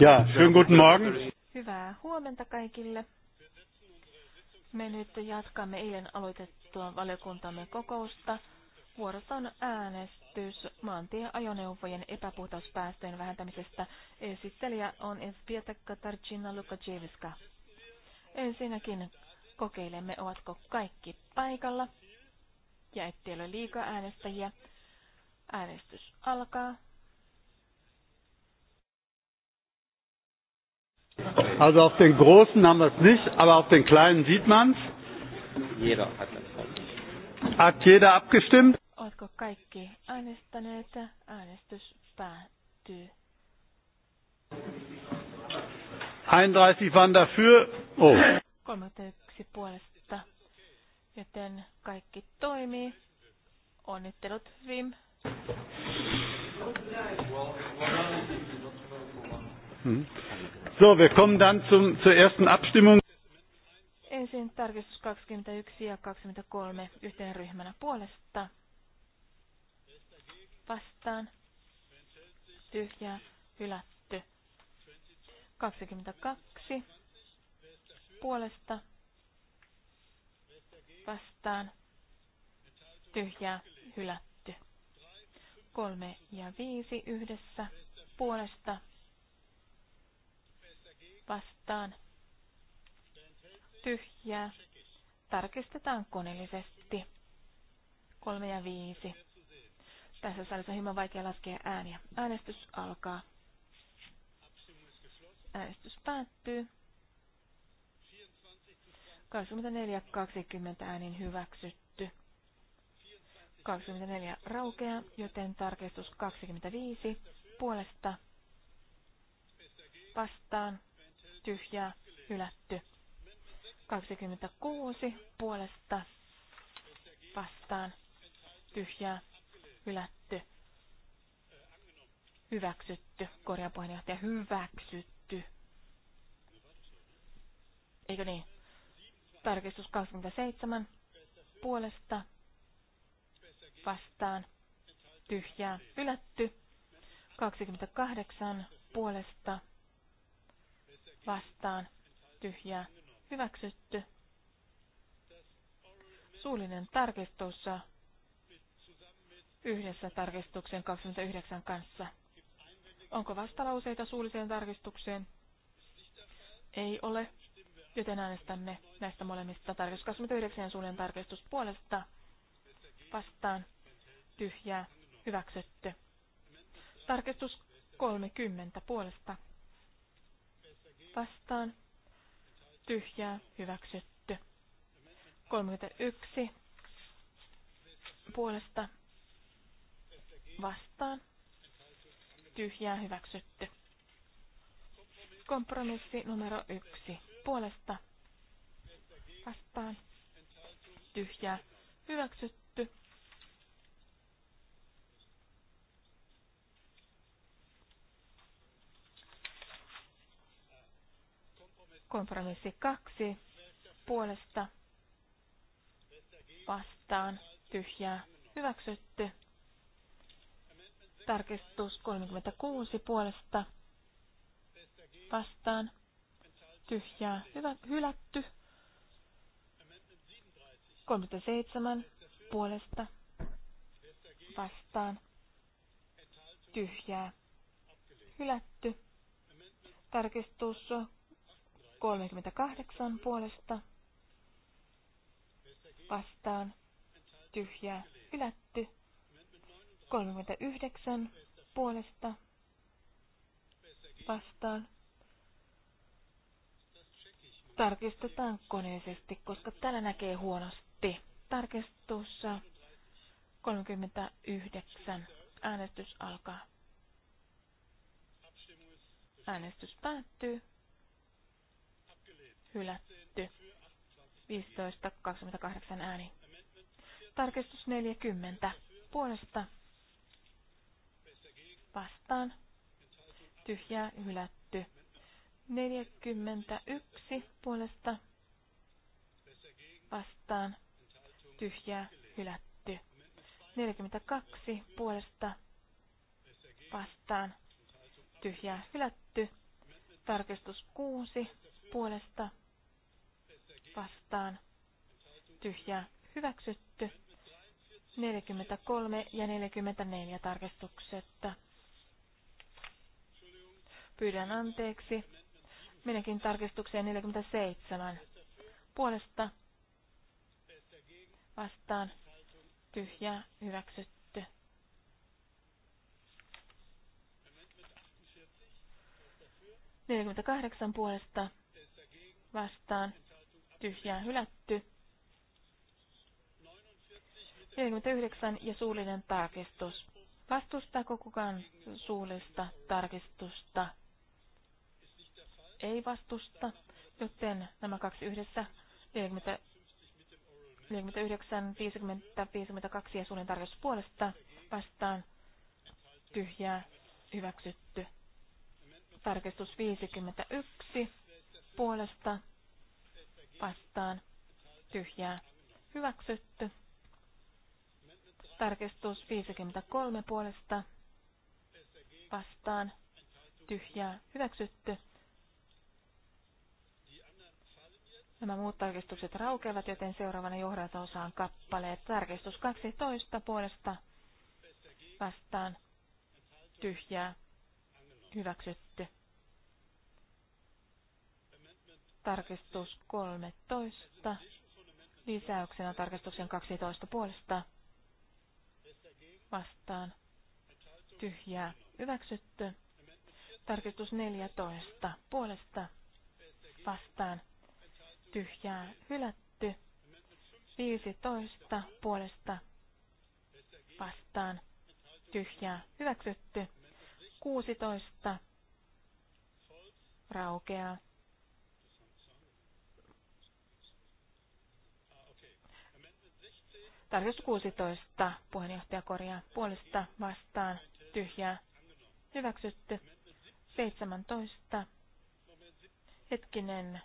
Ja, schönen guten Morgen. Hyvää huomenta kaikille. Me nyt jatkamme eilen aloitettua valiokuntamme kokousta. Vuorossa on äänestys maantieajoneuvojen epäpuhtauspäästöjen vähentämisestä. Esittelijä on Esvietekka Tarcina Lukaczewska. Ensinnäkin kokeilemme, ovatko kaikki paikalla ja ettei ole liikaa äänestäjiä. Äänestys alkaa. Also auf den großen haben wir es nicht, aber auf den kleinen sieht man es. Jeder hat das. Hat jeder abgestimmt? Oletko kaikki äänestäneet? Äänestys päättyy. 31 waren dafür. Oh. 31 puolesta. Joten kaikki toimii. Onnittelut Vim. Well, well, well, Mhm. So, wir kommen dann zum, zur ersten Abstimmung. Ensin tarkistus 21 ja 23 yhteen ryhmänä puolesta. Vastaan. Tyhjää. Hylätty. 22 puolesta. Vastaan. Tyhjää. Hylätty. 3 ja 5 yhdessä puolesta vastaan tyhjää. Tarkistetaan koneellisesti. Kolme ja viisi. Tässä salissa on hieman vaikea laskea ääniä. Äänestys alkaa. Äänestys päättyy. 24-20 äänin hyväksytty. 24 raukea, joten tarkistus 25 puolesta vastaan tyhjää, hylätty. 26 puolesta vastaan, tyhjää, hylätty. Hyväksytty, korjaa puheenjohtaja, hyväksytty. Eikö niin? Tarkistus 27 puolesta vastaan, tyhjää, hylätty. 28 puolesta vastaan tyhjää hyväksytty. Suullinen tarkistus yhdessä tarkistuksen 29 kanssa. Onko vastalauseita suulliseen tarkistukseen? Ei ole, joten äänestämme näistä molemmista tarkistus 29 suullinen tarkistus puolesta vastaan tyhjää hyväksytty. Tarkistus 30 puolesta vastaan tyhjää hyväksytty. 31 puolesta vastaan tyhjää hyväksytty. Kompromissi numero yksi. Puolesta vastaan tyhjää hyväksytty. Kompromissi kaksi puolesta vastaan tyhjää hyväksytty. Tarkistus 36 puolesta vastaan tyhjää hyvä, hylätty. 37 puolesta vastaan tyhjää hylätty. Tarkistus 38 puolesta vastaan tyhjää hylätty. 39 puolesta vastaan. Tarkistetaan koneellisesti, koska tällä näkee huonosti. Tarkistussa 39. Äänestys alkaa. Äänestys päättyy hylätty. 15.28 ääni. Tarkistus 40. Puolesta vastaan. Tyhjää hylätty. 41 puolesta vastaan. Tyhjää hylätty. 42 puolesta vastaan. Tyhjää hylätty. Tarkistus 6 puolesta vastaan tyhjää hyväksytty. 43 ja 44 tarkistukset. Pyydän anteeksi. Minäkin tarkistukseen 47. Puolesta vastaan tyhjää hyväksytty. Neljäkymmentäkahdeksan puolesta vastaan tyhjään hylätty. 49 ja suullinen tarkistus. Vastustaako kukaan suullista tarkistusta? Ei vastusta, joten nämä kaksi yhdessä 40, 49, 50, 52 ja suullinen tarkistus puolesta vastaan tyhjää hyväksytty. Tarkistus 51 puolesta vastaan tyhjää hyväksytty. Tarkistus 53 puolesta vastaan tyhjää hyväksytty. Nämä muut tarkistukset raukeavat, joten seuraavana johdata osaan kappaleet. Tarkistus 12 puolesta vastaan tyhjää hyväksytty tarkistus 13 lisäyksenä tarkistuksen 12 puolesta vastaan tyhjää hyväksytty. Tarkistus 14 puolesta vastaan tyhjää hylätty. 15 puolesta vastaan tyhjää hyväksytty. 16 raukeaa. tarjous 16 puheenjohtajakorjaa puolesta vastaan tyhjää hyväksytty. 17 hetkinen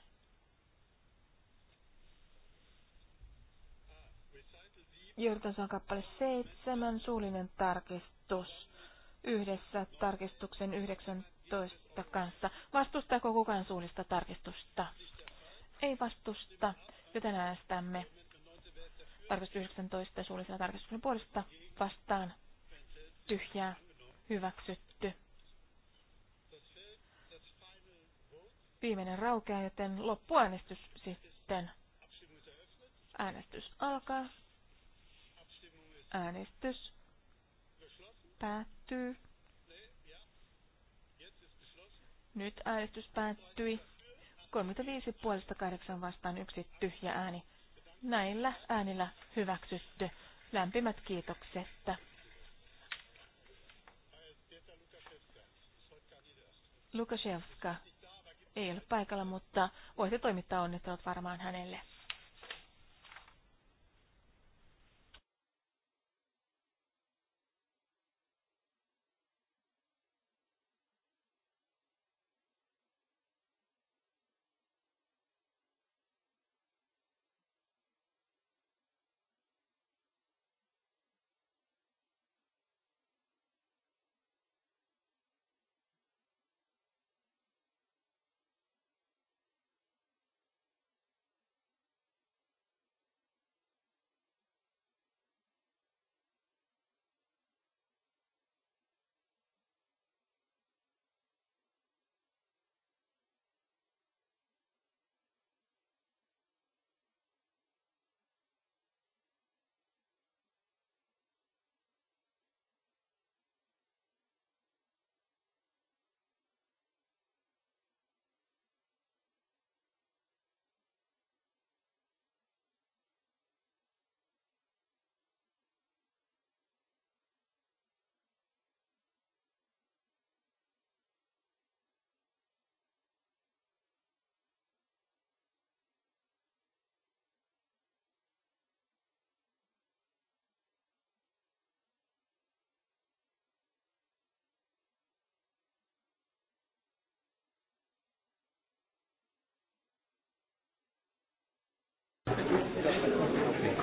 Jortason kappale 7, suullinen tarkistus yhdessä tarkistuksen 19 kanssa. Vastustaako kukaan suullista tarkistusta? Ei vastusta, joten äänestämme Tarkastus 19 suullisella tarkastuksen puolesta vastaan tyhjää hyväksytty. Viimeinen raukea, joten loppuäänestys sitten. Äänestys alkaa. Äänestys päättyy. Nyt äänestys päättyi. 35 puolesta 8 vastaan yksi tyhjä ääni näillä äänillä hyväksytty. Lämpimät kiitokset. Lukashevska ei ole paikalla, mutta voitte toimittaa onnittelut varmaan hänelle.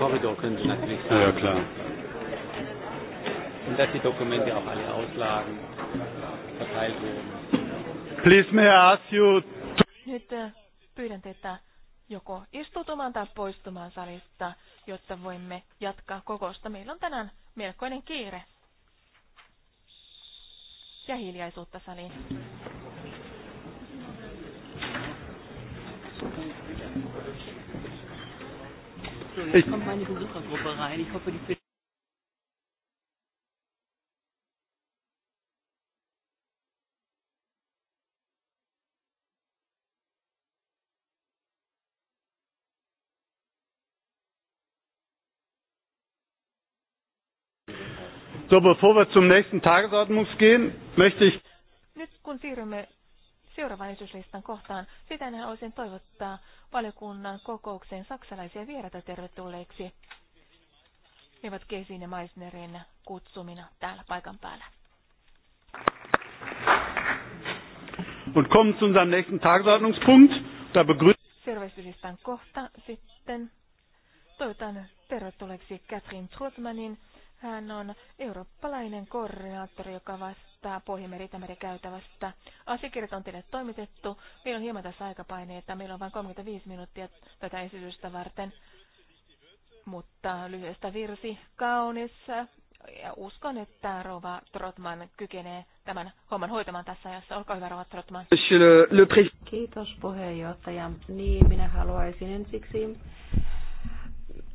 Korridor können Sie natürlich sagen. Ja, klar. Und dass die Dokumente auch alle auslagen verteilt wurden. Please may I ask you to... Nyt äh, pyydän teitä joko istutumaan tai poistumaan salista, jotta voimme jatkaa kokousta. Meillä on tänään melkoinen kiire. Ja hiljaisuutta saliin. Thank you. Entschuldigung, ich, jetzt kommt meine Besuchergruppe rein. Ich hoffe, die So, bevor wir zum nächsten Tagesordnungspunkt gehen, möchte ich. Nyt kun siirrymme seuraavaan esityslistan kohtaan. Sitä ne olisin toivottaa valiokunnan kokoukseen saksalaisia vieraita tervetulleeksi. Ne ovat Kesin ja Meissnerin kutsumina täällä paikan päällä. Und kommen zu unserem nächsten Tagesordnungspunkt. Da begrüßen kohta sitten. Toivotan tervetulleeksi Katrin Trotmanin. Hän on eurooppalainen koordinaattori, joka vastaa päättää Pohjanmeri Itämeri käytävästä. Asiakirjat on teille toimitettu. Meillä on hieman tässä aikapaineita. Meillä on vain 35 minuuttia tätä esitystä varten. Mutta lyhyestä virsi kaunis. Ja uskon, että Rova Trotman kykenee tämän homman hoitamaan tässä ajassa. Olkaa hyvä, Rova Trotman. Kiitos puheenjohtaja. Niin, minä haluaisin ensiksi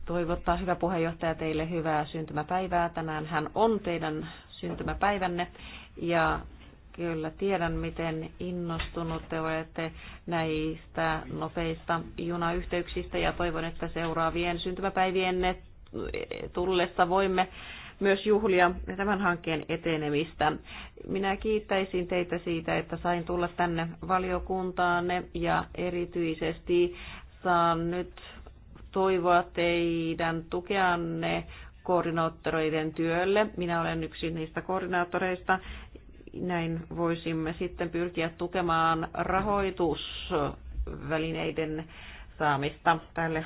toivottaa hyvä puheenjohtaja teille hyvää syntymäpäivää. Tänään hän on teidän syntymäpäivänne ja kyllä tiedän, miten innostunut te olette näistä nopeista junayhteyksistä ja toivon, että seuraavien syntymäpäivien tullessa voimme myös juhlia tämän hankkeen etenemistä. Minä kiittäisin teitä siitä, että sain tulla tänne valiokuntaanne ja erityisesti saan nyt toivoa teidän tukeanne koordinaattoreiden työlle. Minä olen yksi niistä koordinaattoreista näin voisimme sitten pyrkiä tukemaan rahoitusvälineiden saamista tälle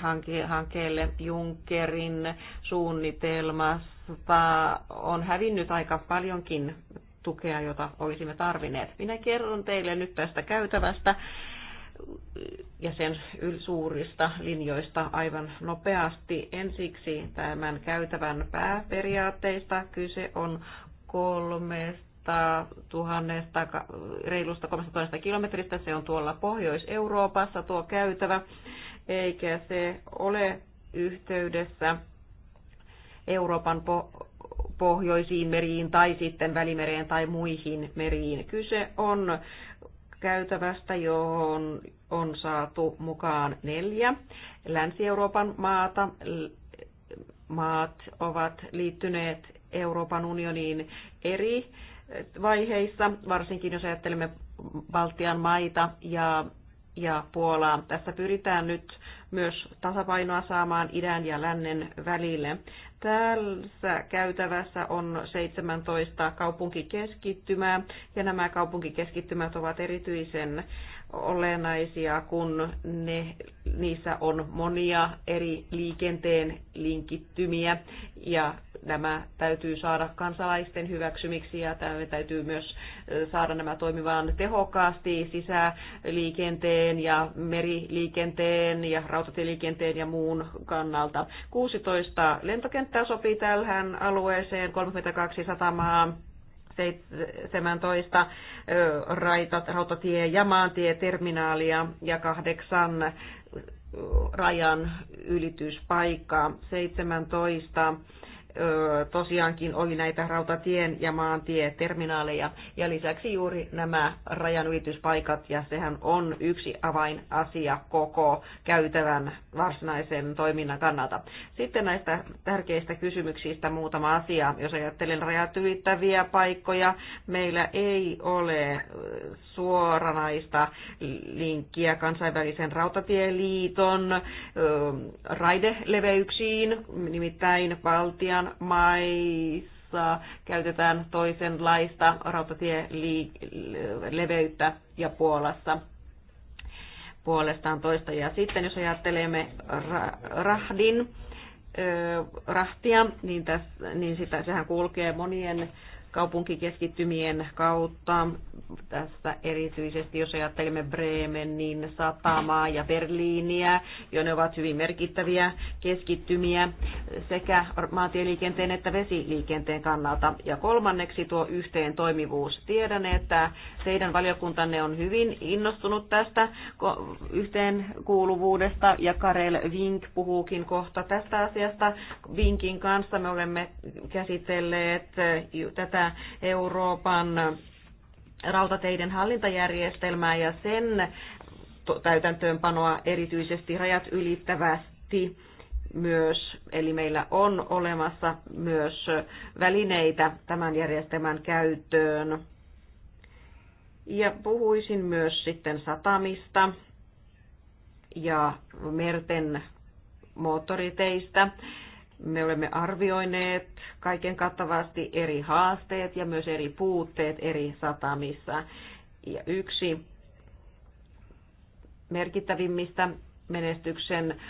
hankkeelle. Junckerin suunnitelmasta on hävinnyt aika paljonkin tukea, jota olisimme tarvineet. Minä kerron teille nyt tästä käytävästä ja sen suurista linjoista aivan nopeasti. Ensiksi tämän käytävän pääperiaatteista kyse on kolmesta tuhannesta, reilusta 13 kilometristä. Se on tuolla Pohjois-Euroopassa tuo käytävä, eikä se ole yhteydessä Euroopan po- pohjoisiin meriin tai sitten välimereen tai muihin meriin. Kyse on käytävästä, johon on saatu mukaan neljä Länsi-Euroopan maata. Maat ovat liittyneet Euroopan unioniin eri vaiheissa, varsinkin jos ajattelemme Baltian maita ja, ja Puolaa. Tässä pyritään nyt myös tasapainoa saamaan idän ja lännen välille. Tässä käytävässä on 17 kaupunkikeskittymää ja nämä kaupunkikeskittymät ovat erityisen olennaisia, kun ne, niissä on monia eri liikenteen linkittymiä ja nämä täytyy saada kansalaisten hyväksymiksi ja tämä täytyy myös saada nämä toimimaan tehokkaasti sisäliikenteen ja meriliikenteen ja rautatieliikenteen ja muun kannalta. 16 lentokenttää sopii tähän alueeseen, 32 satamaa 17 raitat, rautatie- ja maantieterminaalia ja kahdeksan rajan ylityspaikkaa. 17 tosiaankin oli näitä rautatien ja maantieterminaaleja ja lisäksi juuri nämä rajanylityspaikat ja sehän on yksi avainasia koko käytävän varsinaisen toiminnan kannalta. Sitten näistä tärkeistä kysymyksistä muutama asia. Jos ajattelen rajat ylittäviä paikkoja, meillä ei ole suoranaista linkkiä kansainvälisen rautatieliiton raideleveyksiin, nimittäin Baltian maissa käytetään toisenlaista rautatieleveyttä ja Puolassa puolestaan toista. Ja sitten jos ajattelemme rahdin, rahtia, niin, tässä, niin sitä, sehän kulkee monien kaupunkikeskittymien kautta. Tässä erityisesti, jos ajattelemme Bremen, niin satamaa ja Berliiniä, jo ne ovat hyvin merkittäviä keskittymiä sekä maantieliikenteen että vesiliikenteen kannalta. Ja kolmanneksi tuo yhteen toimivuus. Tiedän, että teidän valiokuntanne on hyvin innostunut tästä yhteenkuuluvuudesta ja Karel Vink puhuukin kohta tästä asiasta. Vinkin kanssa me olemme käsitelleet tätä tätä Euroopan rautateiden hallintajärjestelmää ja sen täytäntöönpanoa erityisesti rajat ylittävästi myös, eli meillä on olemassa myös välineitä tämän järjestelmän käyttöön. Ja puhuisin myös sitten satamista ja merten moottoriteistä. Me olemme arvioineet kaiken kattavasti eri haasteet ja myös eri puutteet eri satamissa. Ja yksi merkittävimmistä menestyksen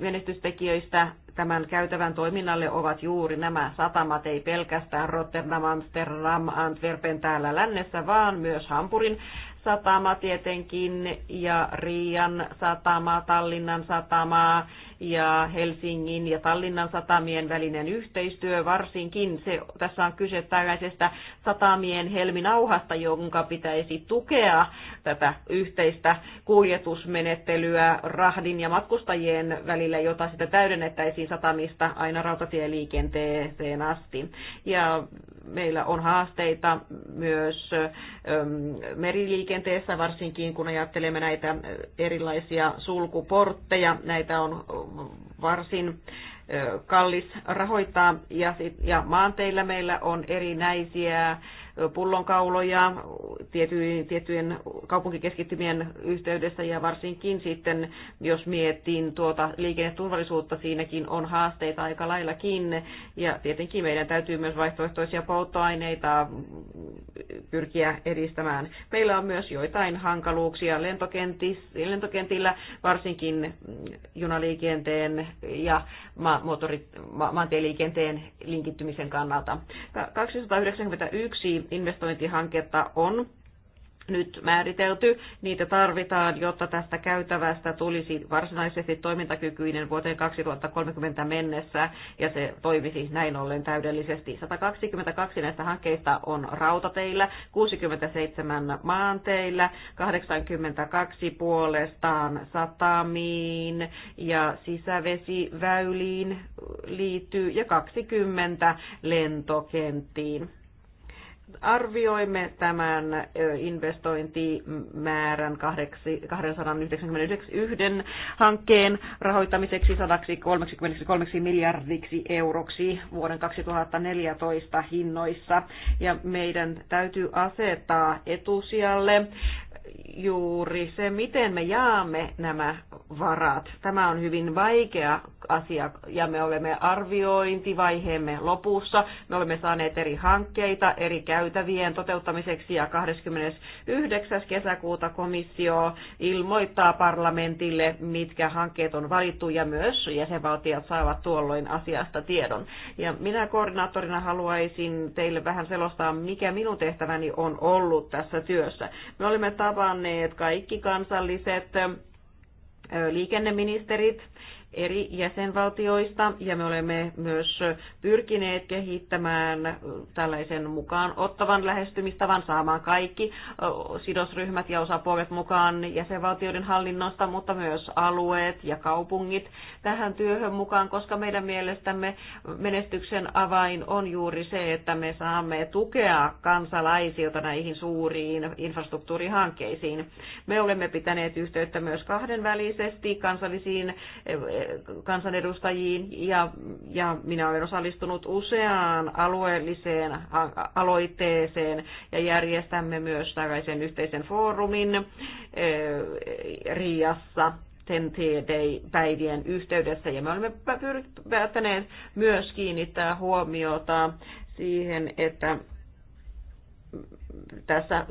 menestystekijöistä tämän käytävän toiminnalle ovat juuri nämä satamat, ei pelkästään Rotterdam, Amsterdam, Antwerpen täällä lännessä, vaan myös Hampurin satama tietenkin ja Riian satama, Tallinnan satama ja Helsingin ja Tallinnan satamien välinen yhteistyö varsinkin. Se, tässä on kyse tällaisesta satamien helminauhasta, jonka pitäisi tukea tätä yhteistä kuljetusmenettelyä rahdin ja matkustajien välillä, jota sitä täydennettäisiin Baltian satamista aina rautatieliikenteeseen asti. Ja meillä on haasteita myös ähm, meriliikenteessä, varsinkin kun ajattelemme näitä erilaisia sulkuportteja. Näitä on varsin äh, kallis rahoittaa ja, sit, ja maanteillä meillä on erinäisiä pullonkauloja tiettyjen kaupunkikeskittymien yhteydessä ja varsinkin sitten, jos miettiin tuota liikenneturvallisuutta, siinäkin on haasteita aika laillakin ja tietenkin meidän täytyy myös vaihtoehtoisia polttoaineita pyrkiä edistämään. Meillä on myös joitain hankaluuksia lentokentillä, varsinkin junaliikenteen ja ma- ma- maantieliikenteen linkittymisen kannalta. 291 investointihanketta on nyt määritelty. Niitä tarvitaan, jotta tästä käytävästä tulisi varsinaisesti toimintakykyinen vuoteen 2030 mennessä ja se toimisi siis näin ollen täydellisesti. 122 näistä hankkeista on rautateillä, 67 maanteillä, 82 puolestaan satamiin ja sisävesiväyliin liittyy ja 20 lentokenttiin arvioimme tämän investointimäärän 291 hankkeen rahoittamiseksi 133 miljardiksi euroksi vuoden 2014 hinnoissa. Ja meidän täytyy asettaa etusijalle juuri se, miten me jaamme nämä varat. Tämä on hyvin vaikea asia ja me olemme arviointivaiheemme lopussa. Me olemme saaneet eri hankkeita eri käytävien toteuttamiseksi ja 29. kesäkuuta komissio ilmoittaa parlamentille, mitkä hankkeet on valittu ja myös jäsenvaltiot saavat tuolloin asiasta tiedon. Ja minä koordinaattorina haluaisin teille vähän selostaa, mikä minun tehtäväni on ollut tässä työssä. Me olemme ta- tavanneet kaikki kansalliset liikenneministerit eri jäsenvaltioista ja me olemme myös pyrkineet kehittämään tällaisen mukaan ottavan lähestymistavan saamaan kaikki sidosryhmät ja osapuolet mukaan jäsenvaltioiden hallinnosta, mutta myös alueet ja kaupungit tähän työhön mukaan, koska meidän mielestämme menestyksen avain on juuri se, että me saamme tukea kansalaisilta näihin suuriin infrastruktuurihankkeisiin. Me olemme pitäneet yhteyttä myös kahdenvälisesti kansallisiin kansanedustajiin ja, ja minä olen osallistunut useaan alueelliseen aloitteeseen ja järjestämme myös tällaisen yhteisen foorumin Riassa TEN-päivien yhteydessä ja me olemme päättäneet myös kiinnittää huomiota siihen, että tässä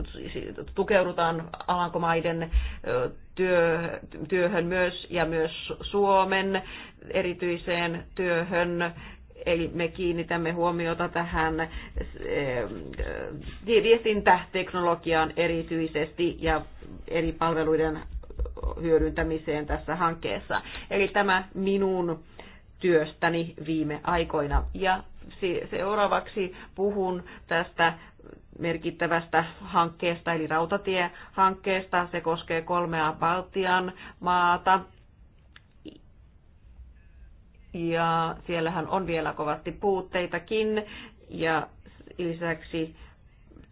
tukeudutaan Alankomaiden työ, työhön myös ja myös Suomen erityiseen työhön. Eli me kiinnitämme huomiota tähän eh, viestintäteknologiaan erityisesti ja eri palveluiden hyödyntämiseen tässä hankkeessa. Eli tämä minun työstäni viime aikoina. Ja seuraavaksi puhun tästä merkittävästä hankkeesta, eli rautatiehankkeesta. Se koskee kolmea Baltian maata. Ja siellähän on vielä kovasti puutteitakin. Ja lisäksi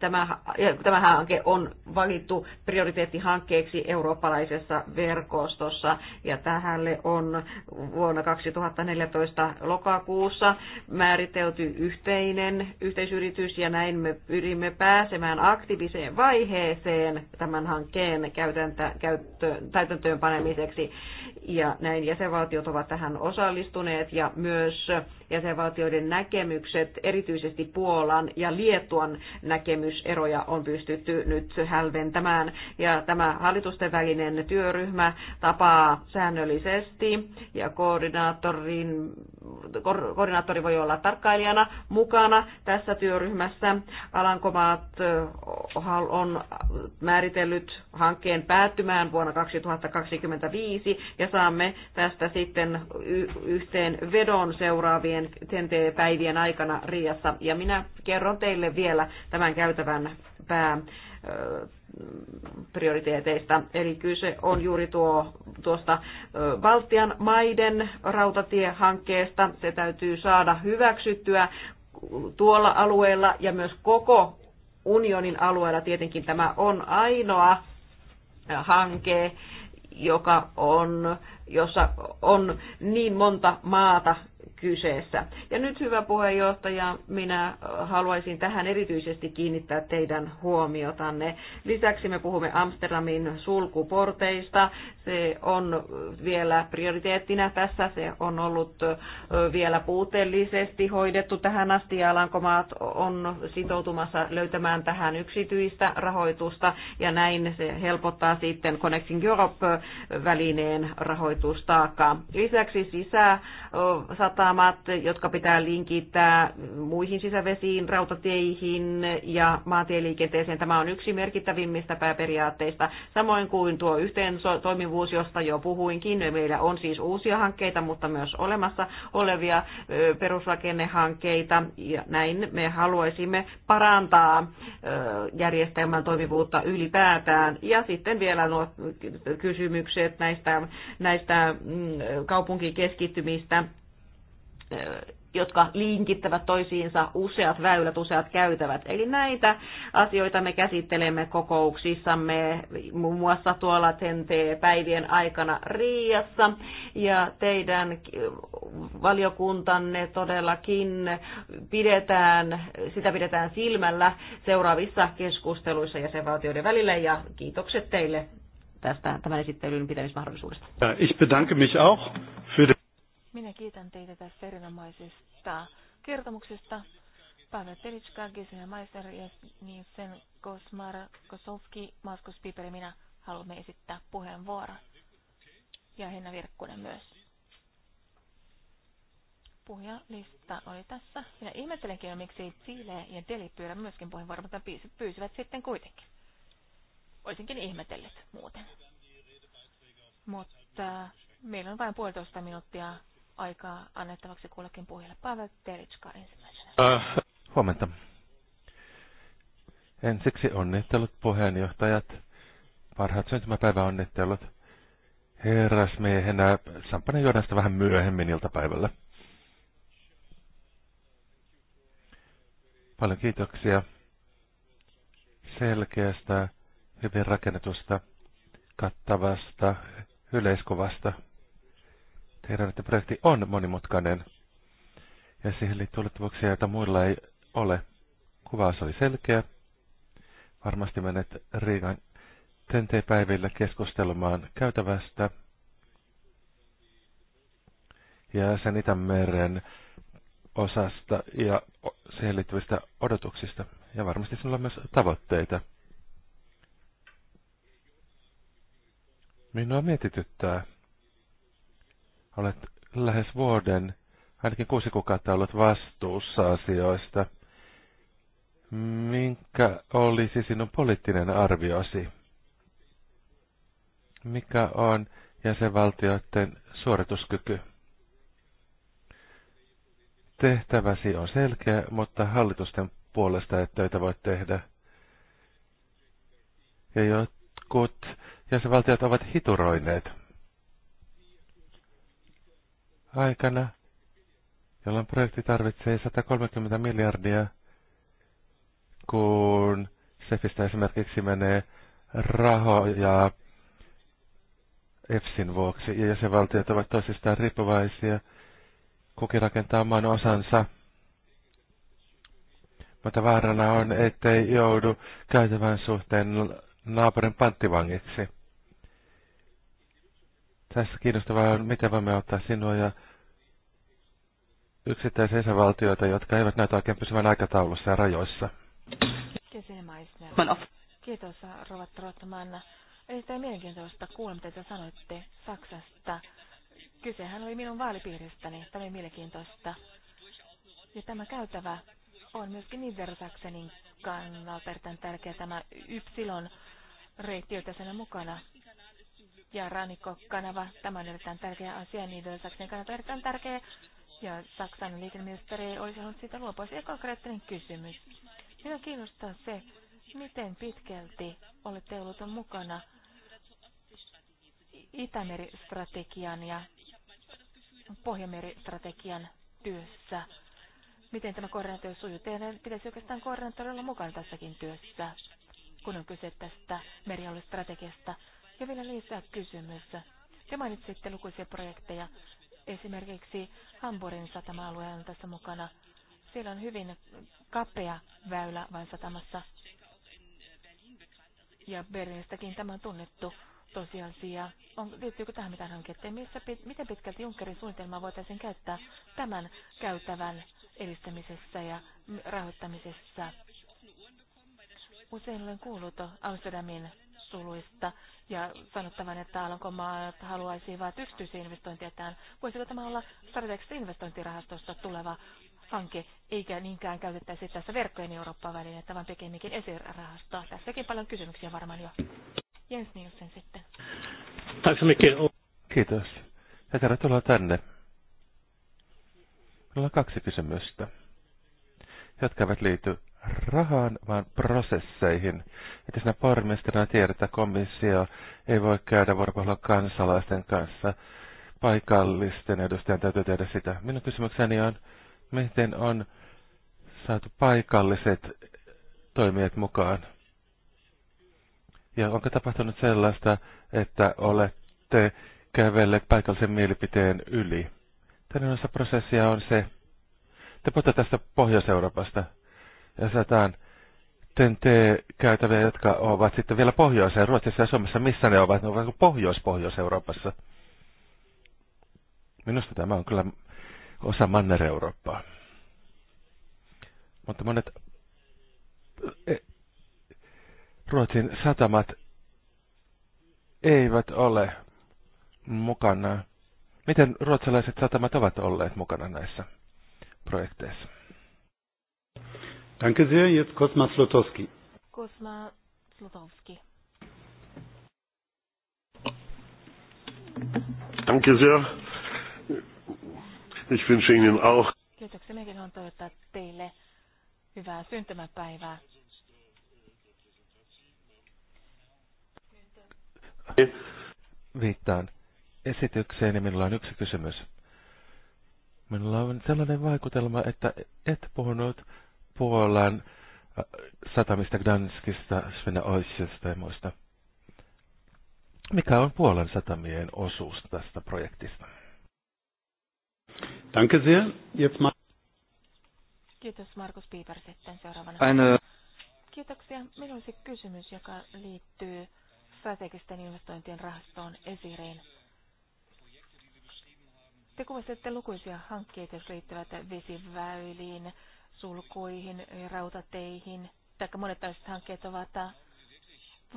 Tämä, tämä hanke on valittu prioriteettihankkeeksi eurooppalaisessa verkostossa ja tähälle on vuonna 2014 lokakuussa määritelty yhteinen yhteisyritys ja näin me pyrimme pääsemään aktiiviseen vaiheeseen tämän hankkeen käytäntö, täytäntöön panemiseksi ja näin jäsenvaltiot ovat tähän osallistuneet ja myös jäsenvaltioiden näkemykset, erityisesti Puolan ja Liettuan näkemyseroja on pystytty nyt hälventämään. Ja tämä hallitusten välinen työryhmä tapaa säännöllisesti ja koordinaattorin, koordinaattori voi olla tarkkailijana mukana tässä työryhmässä. Alankomaat on määritellyt hankkeen päättymään vuonna 2025 ja saamme tästä sitten yhteen vedon seuraavien TNT-päivien aikana Riassa. Ja minä kerron teille vielä tämän käytävän pää prioriteeteista. Eli kyse on juuri tuo, tuosta Baltian maiden rautatiehankkeesta. Se täytyy saada hyväksyttyä tuolla alueella ja myös koko unionin alueella. Tietenkin tämä on ainoa hanke, joka on, jossa on niin monta maata kyseessä. Ja nyt hyvä puheenjohtaja, minä äh, haluaisin tähän erityisesti kiinnittää teidän huomiotanne. Lisäksi me puhumme Amsterdamin sulkuporteista. Se on äh, vielä prioriteettina tässä. Se on ollut äh, vielä puutteellisesti hoidettu tähän asti ja Alankomaat on sitoutumassa löytämään tähän yksityistä rahoitusta ja näin se helpottaa sitten Connecting Europe-välineen rahoitustaakkaa. Lisäksi sisä 100 satamat, jotka pitää linkittää muihin sisävesiin, rautateihin ja maantieliikenteeseen. Tämä on yksi merkittävimmistä pääperiaatteista, samoin kuin tuo yhteen toimivuus, josta jo puhuinkin. Meillä on siis uusia hankkeita, mutta myös olemassa olevia perusrakennehankkeita. Ja näin me haluaisimme parantaa järjestelmän toimivuutta ylipäätään. Ja sitten vielä nuo kysymykset näistä, näistä mm, kaupunkikeskittymistä jotka linkittävät toisiinsa useat väylät, useat käytävät. Eli näitä asioita me käsittelemme kokouksissamme muun muassa tuolla TNT-päivien aikana Riassa. Ja teidän valiokuntanne todellakin pidetään, sitä pidetään silmällä seuraavissa keskusteluissa jäsenvaltioiden välillä ja kiitokset teille tästä tämän esittelyn pitämismahdollisuudesta. Ich bedanke mich auch für minä kiitän teitä tästä erinomaisesta kertomuksesta. Pavel Telitska, Gesine Meister ja Nielsen Kosmar Kosovski, Maskus Piper ja minä haluamme esittää puheenvuoron. Ja Henna Virkkunen myös. Puhujalista oli tässä. Minä ihmettelenkin, miksi Chile ja Deli pyydä myöskin puheenvuoron, mutta pyysivät sitten kuitenkin. Olisinkin ihmetellyt muuten. Mutta meillä on vain puolitoista minuuttia aikaa annettavaksi kullekin puhujalle. Pavel Teritska ensimmäisenä. Äh, huomenta. Ensiksi onnittelut puheenjohtajat. Parhaat syntymäpäiväonnittelut. Herrasmiehenä sampanen juodaan sitä vähän myöhemmin iltapäivällä. Paljon kiitoksia selkeästä, hyvin rakennetusta, kattavasta yleiskuvasta. Tiedän, että projekti on monimutkainen ja siihen liittyy olettavuuksia, joita muilla ei ole. Kuvaus oli selkeä. Varmasti menet Riikan TNT-päivillä keskustelemaan käytävästä ja sen Itämeren osasta ja siihen liittyvistä odotuksista. Ja varmasti sinulla on myös tavoitteita. Minua mietityttää. Olet lähes vuoden, ainakin kuusi kuukautta ollut vastuussa asioista. Minkä olisi sinun poliittinen arvioasi? Mikä on jäsenvaltioiden suorituskyky? Tehtäväsi on selkeä, mutta hallitusten puolesta et töitä voi tehdä. Ja jotkut jäsenvaltiot ovat hituroineet aikana, jolloin projekti tarvitsee 130 miljardia, kun SEFistä esimerkiksi menee rahoja EFSin vuoksi, ja jäsenvaltiot ovat toisistaan riippuvaisia. Kukin rakentaa oman osansa, mutta vaarana on, ettei joudu käytävän suhteen naapurin panttivangiksi. Tässä kiinnostavaa on, miten voimme ottaa sinua ja yksittäisiä jäsenvaltioita, jotka eivät näytä oikein pysyvän aikataulussa ja rajoissa. Kiitos, Rova Trottmann. Erittäin mielenkiintoista kuulla, mitä te sanoitte Saksasta. Kysehän oli minun vaalipiiristäni. Tämä oli mielenkiintoista. Ja tämä käytävä on myöskin Niedersachsenin kannalta erittäin tärkeä tämä Ypsilon reitti, jota sen mukana ja rannikkokanava. Tämä on erittäin tärkeä asia niiden Saksan kannalta erittäin tärkeä. Ja Saksan liikenneministeri olisi halunnut siitä luopua. Se konkreettinen kysymys. Minua kiinnostaa se, miten pitkälti olette olleet mukana Itämeri-strategian ja Pohjameri-strategian työssä. Miten tämä koordinaatio sujuu? Teidän pitäisi oikeastaan olla mukana tässäkin työssä, kun on kyse tästä merialuestrategiasta. strategiasta ja vielä lisää kysymys. Te mainitsitte lukuisia projekteja, esimerkiksi Hamburgin satama-alue on tässä mukana. Siellä on hyvin kapea väylä vain satamassa. Ja Berliinistäkin tämä on tunnettu tosiasia. On, liittyykö tähän mitään hanketta? Missä, miten pitkälti Junckerin suunnitelmaa voitaisiin käyttää tämän käytävän edistämisessä ja rahoittamisessa? Usein olen kuullut Amsterdamin suluista ja sanottavan, että Alankomaat haluaisi yksityisiä investointeja tähän. Voisiko tämä olla strategisessa investointirahastossa tuleva hanke, eikä niinkään käytettäisi tässä verkkojen Eurooppaa että vaan pikemminkin esirahastoa. Tässäkin paljon kysymyksiä varmaan jo. Jens Nielsen sitten. Kiitos. Ja tervetuloa tänne. Meillä on kaksi kysymystä, jotka eivät liity rahaan, vaan prosesseihin. Että sinä pormestarina tiedät, että komissio ei voi käydä vuoropuhelua kansalaisten kanssa. Paikallisten edustajan täytyy tehdä sitä. Minun kysymykseni on, miten on saatu paikalliset toimijat mukaan? Ja onko tapahtunut sellaista, että olette kävelleet paikallisen mielipiteen yli? Tänne osa prosessia on se, te puhutte tästä Pohjois-Euroopasta, ja sataan ten käytäviä jotka ovat sitten vielä pohjoiseen, Ruotsissa ja Suomessa, missä ne ovat, ne ovat pohjois-pohjois-Euroopassa. Minusta tämä on kyllä osa Manner-Eurooppaa. Mutta monet e, Ruotsin satamat eivät ole mukana. Miten ruotsalaiset satamat ovat olleet mukana näissä projekteissa? Danke sehr, jetzt Kosma Slotowski. Kosma Slotowski. Danke sehr. Ich wünsche Ihnen auch. Kiitoksia. Minäkin haluan toivottaa teille hyvää syntymäpäivää. Viittaan esitykseen ja minulla on yksi kysymys. Minulla on sellainen vaikutelma, että et puhunut Puolan äh, satamista Gdanskista, Svena-Oisesta ja muista. Mikä on Puolan satamien osuus tästä projektista? Danke sehr. Jetzt mal. Kiitos Markus Piiper sitten seuraavana. Aina. Kiitoksia. Minulla olisi kysymys, joka liittyy strategisten investointien rahastoon Esireen. Te kuvasitte lukuisia hankkeita, jotka liittyvät vesiväyliin, sulkuihin, rautateihin, tai monet tällaiset hankkeet ovat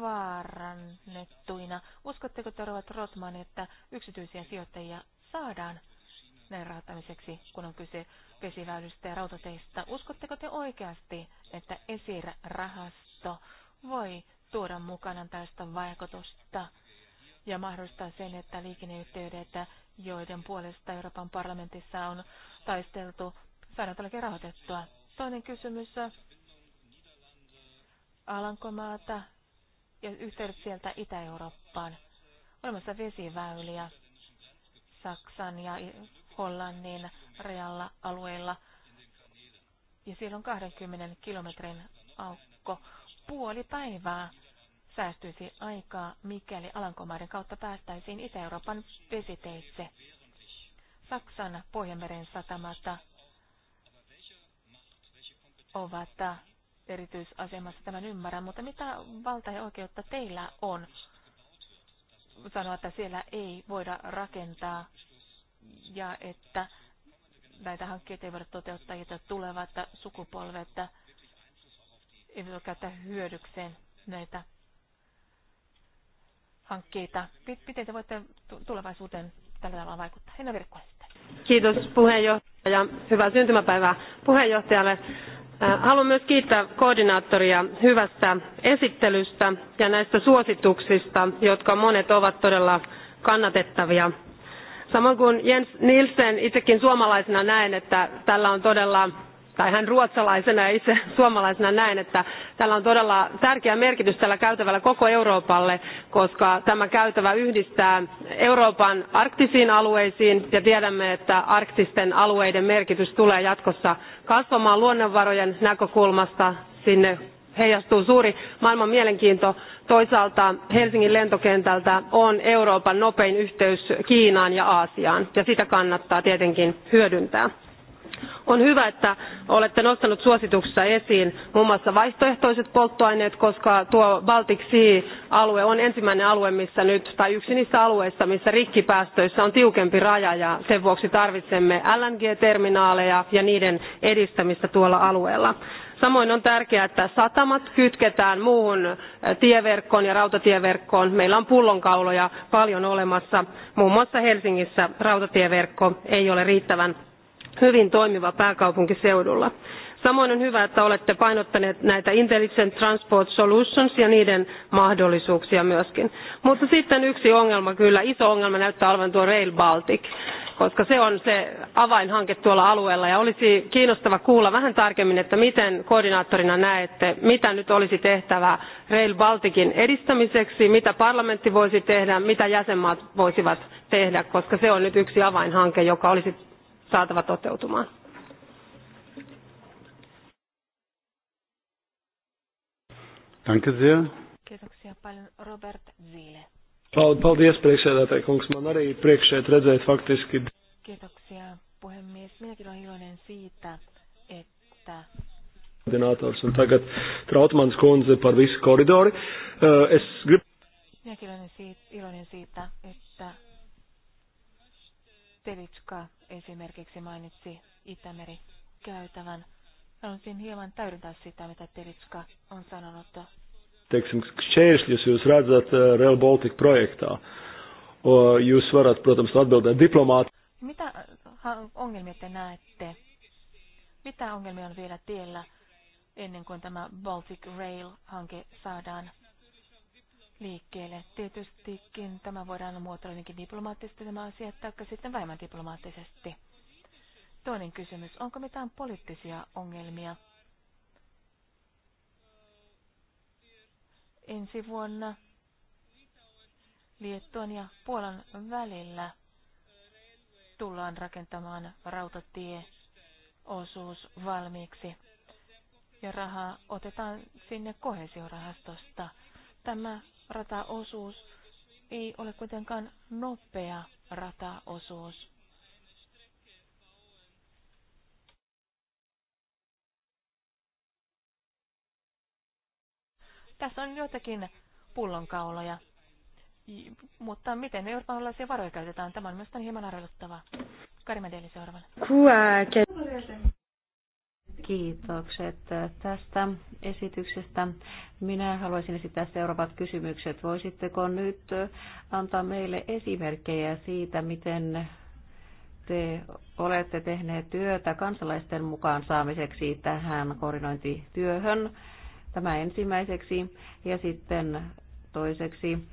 vaarannettuina. Uskotteko te, Rovat Rotman, että yksityisiä sijoittajia saadaan näin rahoittamiseksi, kun on kyse vesiväylystä ja rautateista? Uskotteko te oikeasti, että esirahasto voi tuoda mukanaan tästä vaikutusta ja mahdollistaa sen, että liikenneyhteydet, joiden puolesta Euroopan parlamentissa on taisteltu saadaan tälläkin rahoitettua. Toinen kysymys. Alankomaata ja yhteydet sieltä Itä-Eurooppaan. Olemassa vesiväyliä Saksan ja Hollannin rajalla alueilla. Ja siellä on 20 kilometrin aukko. Puoli päivää säästyisi aikaa, mikäli Alankomaiden kautta päästäisiin Itä-Euroopan vesiteitse. Saksan Pohjanmeren satamasta ovat erityisasemassa, tämän ymmärrän, mutta mitä valta ja oikeutta teillä on sanoa, että siellä ei voida rakentaa ja että näitä hankkeita ei voida toteuttaa, että tulevat sukupolvet ei voi käyttää hyödykseen näitä hankkeita. Miten te voitte tulevaisuuteen tällä tavalla vaikuttaa? Henna Virkkonen sitten. Kiitos puheenjohtaja. Hyvää syntymäpäivää puheenjohtajalle. Haluan myös kiittää koordinaattoria hyvästä esittelystä ja näistä suosituksista, jotka monet ovat todella kannatettavia. Samoin kuin Jens Nielsen, itsekin suomalaisena näen, että tällä on todella tai hän ruotsalaisena ja itse suomalaisena näen, että tällä on todella tärkeä merkitys tällä käytävällä koko Euroopalle, koska tämä käytävä yhdistää Euroopan arktisiin alueisiin ja tiedämme, että arktisten alueiden merkitys tulee jatkossa kasvamaan luonnonvarojen näkökulmasta. Sinne heijastuu suuri maailman mielenkiinto. Toisaalta Helsingin lentokentältä on Euroopan nopein yhteys Kiinaan ja Aasiaan ja sitä kannattaa tietenkin hyödyntää. On hyvä, että olette nostanut suosituksessa esiin muun muassa vaihtoehtoiset polttoaineet, koska tuo Baltic Sea-alue on ensimmäinen alue, missä nyt, tai yksi niistä alueista, missä rikkipäästöissä on tiukempi raja ja sen vuoksi tarvitsemme LNG-terminaaleja ja niiden edistämistä tuolla alueella. Samoin on tärkeää, että satamat kytketään muuhun tieverkkoon ja rautatieverkkoon. Meillä on pullonkauloja paljon olemassa. Muun muassa Helsingissä rautatieverkko ei ole riittävän hyvin toimiva pääkaupunkiseudulla. Samoin on hyvä, että olette painottaneet näitä Intelligent Transport Solutions ja niiden mahdollisuuksia myöskin. Mutta sitten yksi ongelma kyllä, iso ongelma näyttää olevan tuo Rail Baltic, koska se on se avainhanke tuolla alueella ja olisi kiinnostava kuulla vähän tarkemmin, että miten koordinaattorina näette, mitä nyt olisi tehtävä Rail Balticin edistämiseksi, mitä parlamentti voisi tehdä, mitä jäsenmaat voisivat tehdä, koska se on nyt yksi avainhanke, joka olisi saatava toteutumaan. Danke sehr. Kiitoksia paljon Robert Zille. Paldies priekšsēdētāji kungs, man arī priekšēt redzēt faktiski. Kiitoksia puhemies. Minäkin olen iloinen siitä, että koordinātors un tagad Trautmans kundze par visu koridori. Eh, es gribu. Minäkin olen iloinen siitä, että Telitska esimerkiksi mainitsi Itämeri käytävän. Haluaisin hieman täydentää sitä, mitä Telitska on sanonut. Teiksim, šķēršļus jūs, jūs redzat eh, Rail Baltic projektā. Jūs varat, protams, atbildēt diplomāti. Mitä ongelmia te näette? Mitä ongelmia on vielä tiellä ennen kuin tämä Baltic Rail-hanke saadaan liikkeelle. Tietystikin tämä voidaan muotoilla jotenkin diplomaattisesti tämä asia, taikka sitten vähemmän diplomaattisesti. Toinen kysymys, onko mitään poliittisia ongelmia? Ensi vuonna Liettuan ja Puolan välillä tullaan rakentamaan rautatieosuus valmiiksi ja rahaa otetaan sinne kohesiorahastosta. Tämä rataosuus ei ole kuitenkaan nopea rataosuus. Tässä on joitakin pullonkauloja, mutta miten eurooppalaisia varoja käytetään, tämä on myös hieman arveluttavaa. Karimedeli seuraavana. Kiitokset tästä esityksestä. Minä haluaisin esittää seuraavat kysymykset. Voisitteko nyt antaa meille esimerkkejä siitä, miten te olette tehneet työtä kansalaisten mukaan saamiseksi tähän koordinointityöhön? Tämä ensimmäiseksi. Ja sitten toiseksi,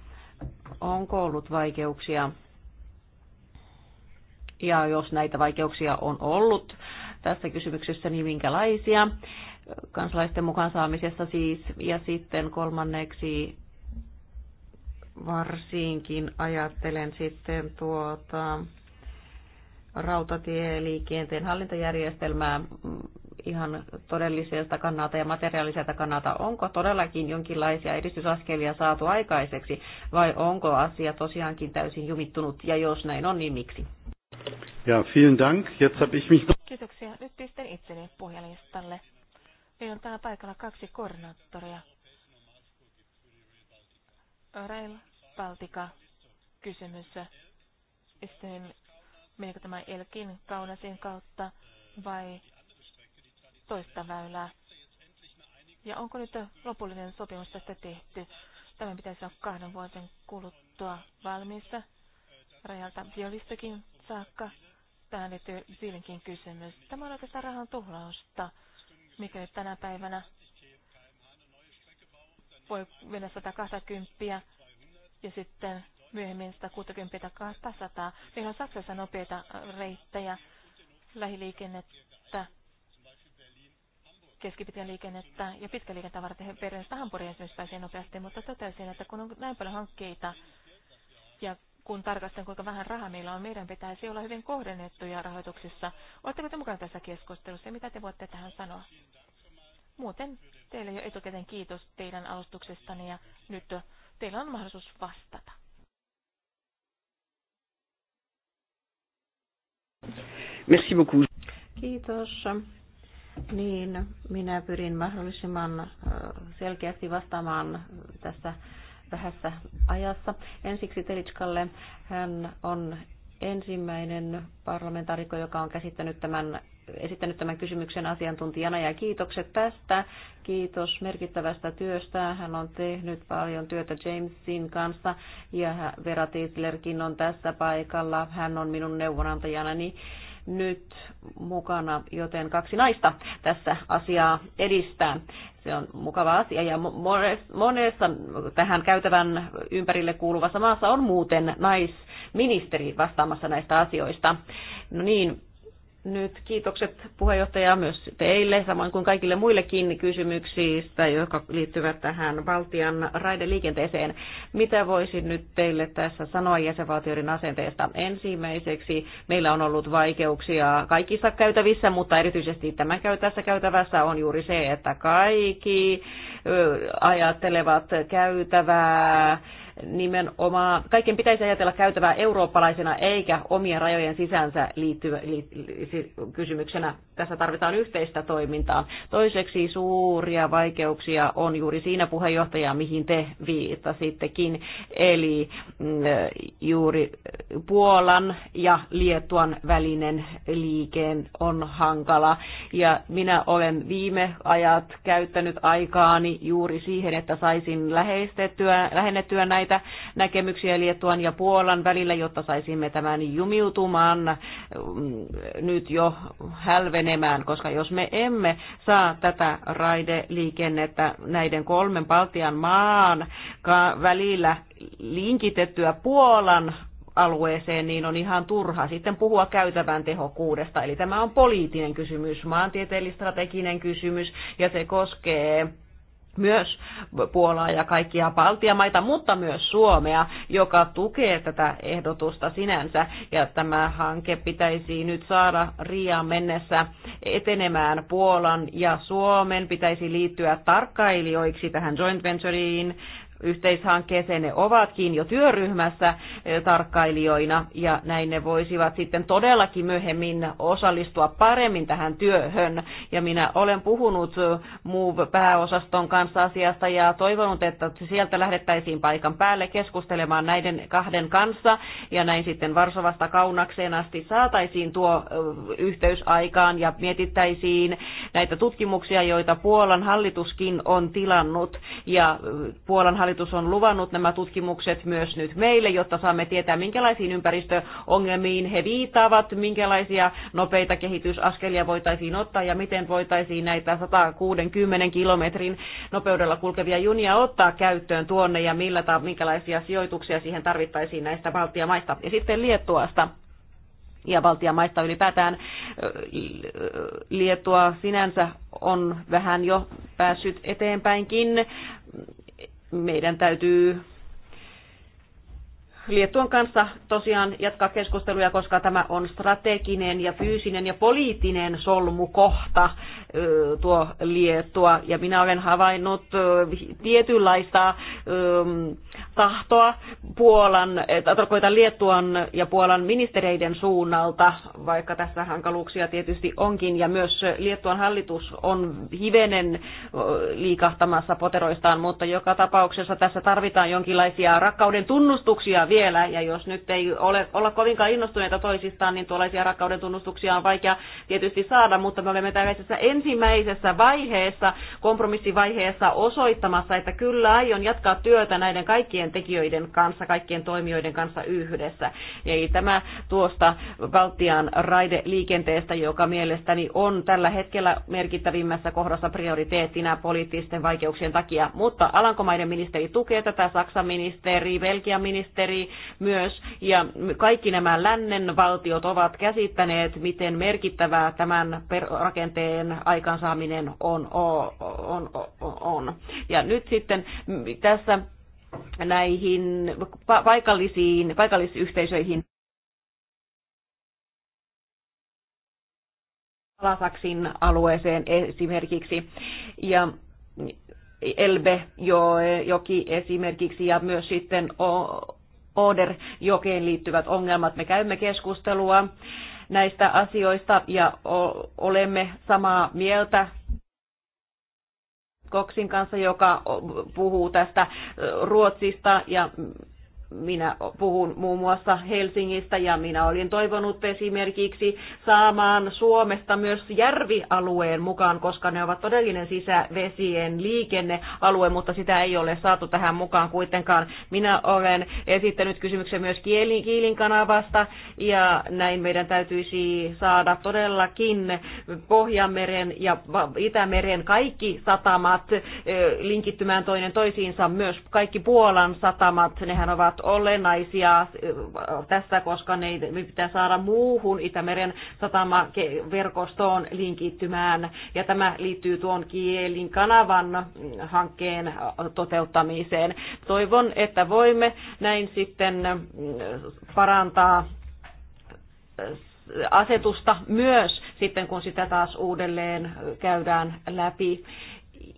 onko ollut vaikeuksia? Ja jos näitä vaikeuksia on ollut, tässä kysymyksessä, niin minkälaisia kansalaisten mukaan saamisessa siis. Ja sitten kolmanneksi varsinkin ajattelen sitten tuota rautatieliikenteen hallintajärjestelmää ihan todelliselta kannalta ja materiaaliselta kannalta, onko todellakin jonkinlaisia edistysaskelia saatu aikaiseksi vai onko asia tosiaankin täysin jumittunut ja jos näin on, niin miksi? Ja, vielen Dank. Jetzt habe ich mich... Kiitoksia. Nyt pistän itseni puhelistalle. Meillä on täällä paikalla kaksi koordinaattoria. Rail Baltica kysymys. sitten menikö tämä Elkin Kaunasin kautta vai toista väylää? Ja onko nyt lopullinen sopimus tästä tehty? Tämä pitäisi olla kahden vuoden kuluttua valmiissa. Rajalta Violistakin saakka. Tähän liittyy siilinkin kysymys. Tämä on oikeastaan rahan tuhlausta, mikä tänä päivänä voi mennä 120 ja sitten myöhemmin 160 tai 200. Meillä on Saksassa nopeita reittejä, lähiliikennettä, keskipitkän liikennettä ja pitkän liikennettä varten perheestä Hampuriin esimerkiksi pääsee nopeasti, mutta totesin, että kun on näin paljon hankkeita ja kun tarkastan, kuinka vähän rahaa meillä on, meidän pitäisi olla hyvin kohdennettuja rahoituksissa. Oletteko te mukana tässä keskustelussa ja mitä te voitte tähän sanoa? Muuten teille jo etukäteen kiitos teidän alustuksestanne ja nyt teillä on mahdollisuus vastata. Merci beaucoup. Kiitos. Niin, minä pyrin mahdollisimman äh, selkeästi vastaamaan tässä vähässä ajassa. Ensiksi Telitskalle hän on ensimmäinen parlamentaarikko, joka on käsittänyt tämän esittänyt tämän kysymyksen asiantuntijana ja kiitokset tästä. Kiitos merkittävästä työstä. Hän on tehnyt paljon työtä Jamesin kanssa ja Vera Tieslerkin on tässä paikalla. Hän on minun neuvonantajanani nyt mukana, joten kaksi naista tässä asiaa edistää. Se on mukava asia ja monessa tähän käytävän ympärille kuuluvassa maassa on muuten naisministeri vastaamassa näistä asioista. No niin, nyt kiitokset puheenjohtaja myös teille, samoin kuin kaikille muillekin kysymyksistä, jotka liittyvät tähän valtion raideliikenteeseen. Mitä voisin nyt teille tässä sanoa jäsenvaltioiden asenteesta? Ensimmäiseksi meillä on ollut vaikeuksia kaikissa käytävissä, mutta erityisesti tämän tässä käytävässä on juuri se, että kaikki ajattelevat käytävää nimenomaan, kaiken pitäisi ajatella käytävää eurooppalaisena eikä omien rajojen sisänsä liittyvä, li, li, kysymyksenä. Tässä tarvitaan yhteistä toimintaa. Toiseksi suuria vaikeuksia on juuri siinä puheenjohtaja, mihin te viittasittekin, eli mm, juuri Puolan ja Liettuan välinen liikeen on hankala. Ja minä olen viime ajat käyttänyt aikaani juuri siihen, että saisin lähennettyä näitä näitä näkemyksiä Liettuan ja Puolan välillä, jotta saisimme tämän jumiutumaan mm, nyt jo hälvenemään, koska jos me emme saa tätä raideliikennettä näiden kolmen Baltian maan välillä linkitettyä Puolan alueeseen, niin on ihan turha sitten puhua käytävän tehokkuudesta. Eli tämä on poliittinen kysymys, maantieteellistrateginen kysymys, ja se koskee myös Puolaa ja kaikkia Baltiamaita, mutta myös Suomea, joka tukee tätä ehdotusta sinänsä. Ja tämä hanke pitäisi nyt saada ria mennessä etenemään. Puolan ja Suomen pitäisi liittyä tarkkailijoiksi tähän joint ventureiin yhteishankkeeseen. Ne ovatkin jo työryhmässä eh, tarkkailijoina ja näin ne voisivat sitten todellakin myöhemmin osallistua paremmin tähän työhön. Ja minä olen puhunut eh, MOVE-pääosaston kanssa asiasta ja toivonut, että sieltä lähdettäisiin paikan päälle keskustelemaan näiden kahden kanssa ja näin sitten Varsovasta kaunakseen asti saataisiin tuo eh, yhteys aikaan ja mietittäisiin näitä tutkimuksia, joita Puolan hallituskin on tilannut ja Puolan hallitus Hallitus on luvannut nämä tutkimukset myös nyt meille, jotta saamme tietää, minkälaisiin ympäristöongelmiin he viitaavat, minkälaisia nopeita kehitysaskelia voitaisiin ottaa ja miten voitaisiin näitä 160 kilometrin nopeudella kulkevia junia ottaa käyttöön tuonne ja millä ta- minkälaisia sijoituksia siihen tarvittaisiin näistä Baltian maista. Ja sitten Liettuasta ja Baltian maista ylipäätään Liettua sinänsä on vähän jo päässyt eteenpäinkin meidän täytyy Liettuan kanssa tosiaan jatkaa keskusteluja, koska tämä on strateginen ja fyysinen ja poliittinen solmukohta tuo Liettua. Ja minä olen havainnut tietynlaista tahtoa Puolan, tarkoitan Liettuan ja Puolan ministereiden suunnalta, vaikka tässä hankaluuksia tietysti onkin. Ja myös Liettuan hallitus on hivenen liikahtamassa poteroistaan, mutta joka tapauksessa tässä tarvitaan jonkinlaisia rakkauden tunnustuksia vielä vielä, ja jos nyt ei ole, olla kovinkaan innostuneita toisistaan, niin tuollaisia rakkauden tunnustuksia on vaikea tietysti saada, mutta me olemme tällaisessa ensimmäisessä vaiheessa, kompromissivaiheessa osoittamassa, että kyllä aion jatkaa työtä näiden kaikkien tekijöiden kanssa, kaikkien toimijoiden kanssa yhdessä. Eli tämä tuosta valtian raideliikenteestä, joka mielestäni on tällä hetkellä merkittävimmässä kohdassa prioriteettina poliittisten vaikeuksien takia, mutta Alankomaiden ministeri tukee tätä, Saksan ministeri, Belgian ministeri myös. Ja kaikki nämä lännen valtiot ovat käsittäneet, miten merkittävää tämän rakenteen aikansaaminen on. on, on, on. Ja nyt sitten tässä näihin paikallisiin, paikallisyhteisöihin Alasaksin alueeseen esimerkiksi. Ja Elbe joki esimerkiksi ja myös sitten Oder-jokeen liittyvät ongelmat. Me käymme keskustelua näistä asioista ja olemme samaa mieltä Koksin kanssa, joka puhuu tästä Ruotsista ja minä puhun muun muassa Helsingistä ja minä olin toivonut esimerkiksi saamaan Suomesta myös järvialueen mukaan, koska ne ovat todellinen sisävesien liikennealue, mutta sitä ei ole saatu tähän mukaan kuitenkaan. Minä olen esittänyt kysymyksen myös Kiilin kanavasta ja näin meidän täytyisi saada todellakin Pohjanmeren ja Itämeren kaikki satamat linkittymään toinen toisiinsa, myös kaikki Puolan satamat, nehän ovat olennaisia äh, tässä, koska ne pitää saada muuhun Itämeren satamaverkostoon linkittymään. Ja tämä liittyy tuon kielin kanavan äh, hankkeen äh, toteuttamiseen. Toivon, että voimme näin sitten parantaa asetusta myös sitten, kun sitä taas uudelleen käydään läpi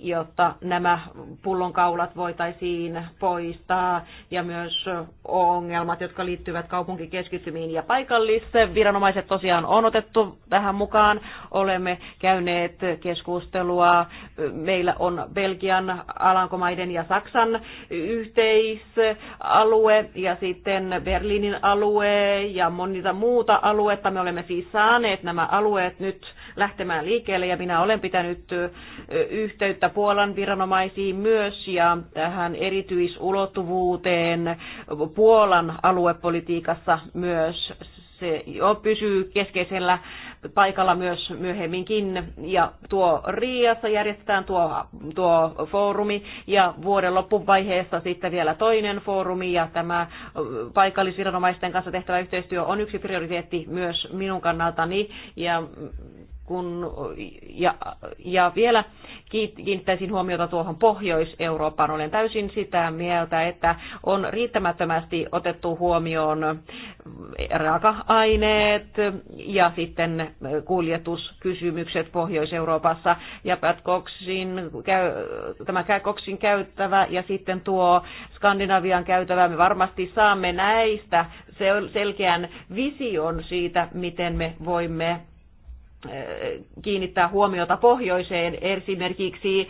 jotta nämä pullonkaulat voitaisiin poistaa ja myös ongelmat, jotka liittyvät kaupunkikeskittymiin ja paikallisse. Viranomaiset tosiaan on otettu tähän mukaan. Olemme käyneet keskustelua. Meillä on Belgian, Alankomaiden ja Saksan yhteisalue ja sitten Berliinin alue ja monita muuta aluetta. Me olemme siis saaneet nämä alueet nyt lähtemään liikkeelle ja minä olen pitänyt yhteyttä Puolan viranomaisiin myös ja tähän erityisulottuvuuteen Puolan aluepolitiikassa myös se jo pysyy keskeisellä paikalla myös myöhemminkin. Ja tuo Riassa järjestetään tuo, tuo foorumi ja vuoden loppuvaiheessa sitten vielä toinen foorumi ja tämä paikallisviranomaisten kanssa tehtävä yhteistyö on yksi prioriteetti myös minun kannaltani ja kun, ja, ja vielä kiinnittäisin huomiota tuohon Pohjois-Eurooppaan. Olen täysin sitä mieltä, että on riittämättömästi otettu huomioon raaka-aineet ja sitten kuljetuskysymykset Pohjois-Euroopassa ja Pätkoksin, käy, tämä Koksin käyttävä ja sitten tuo Skandinavian käytävä. Me varmasti saamme näistä selkeän vision siitä, miten me voimme Äh, kiinnittää huomiota pohjoiseen, esimerkiksi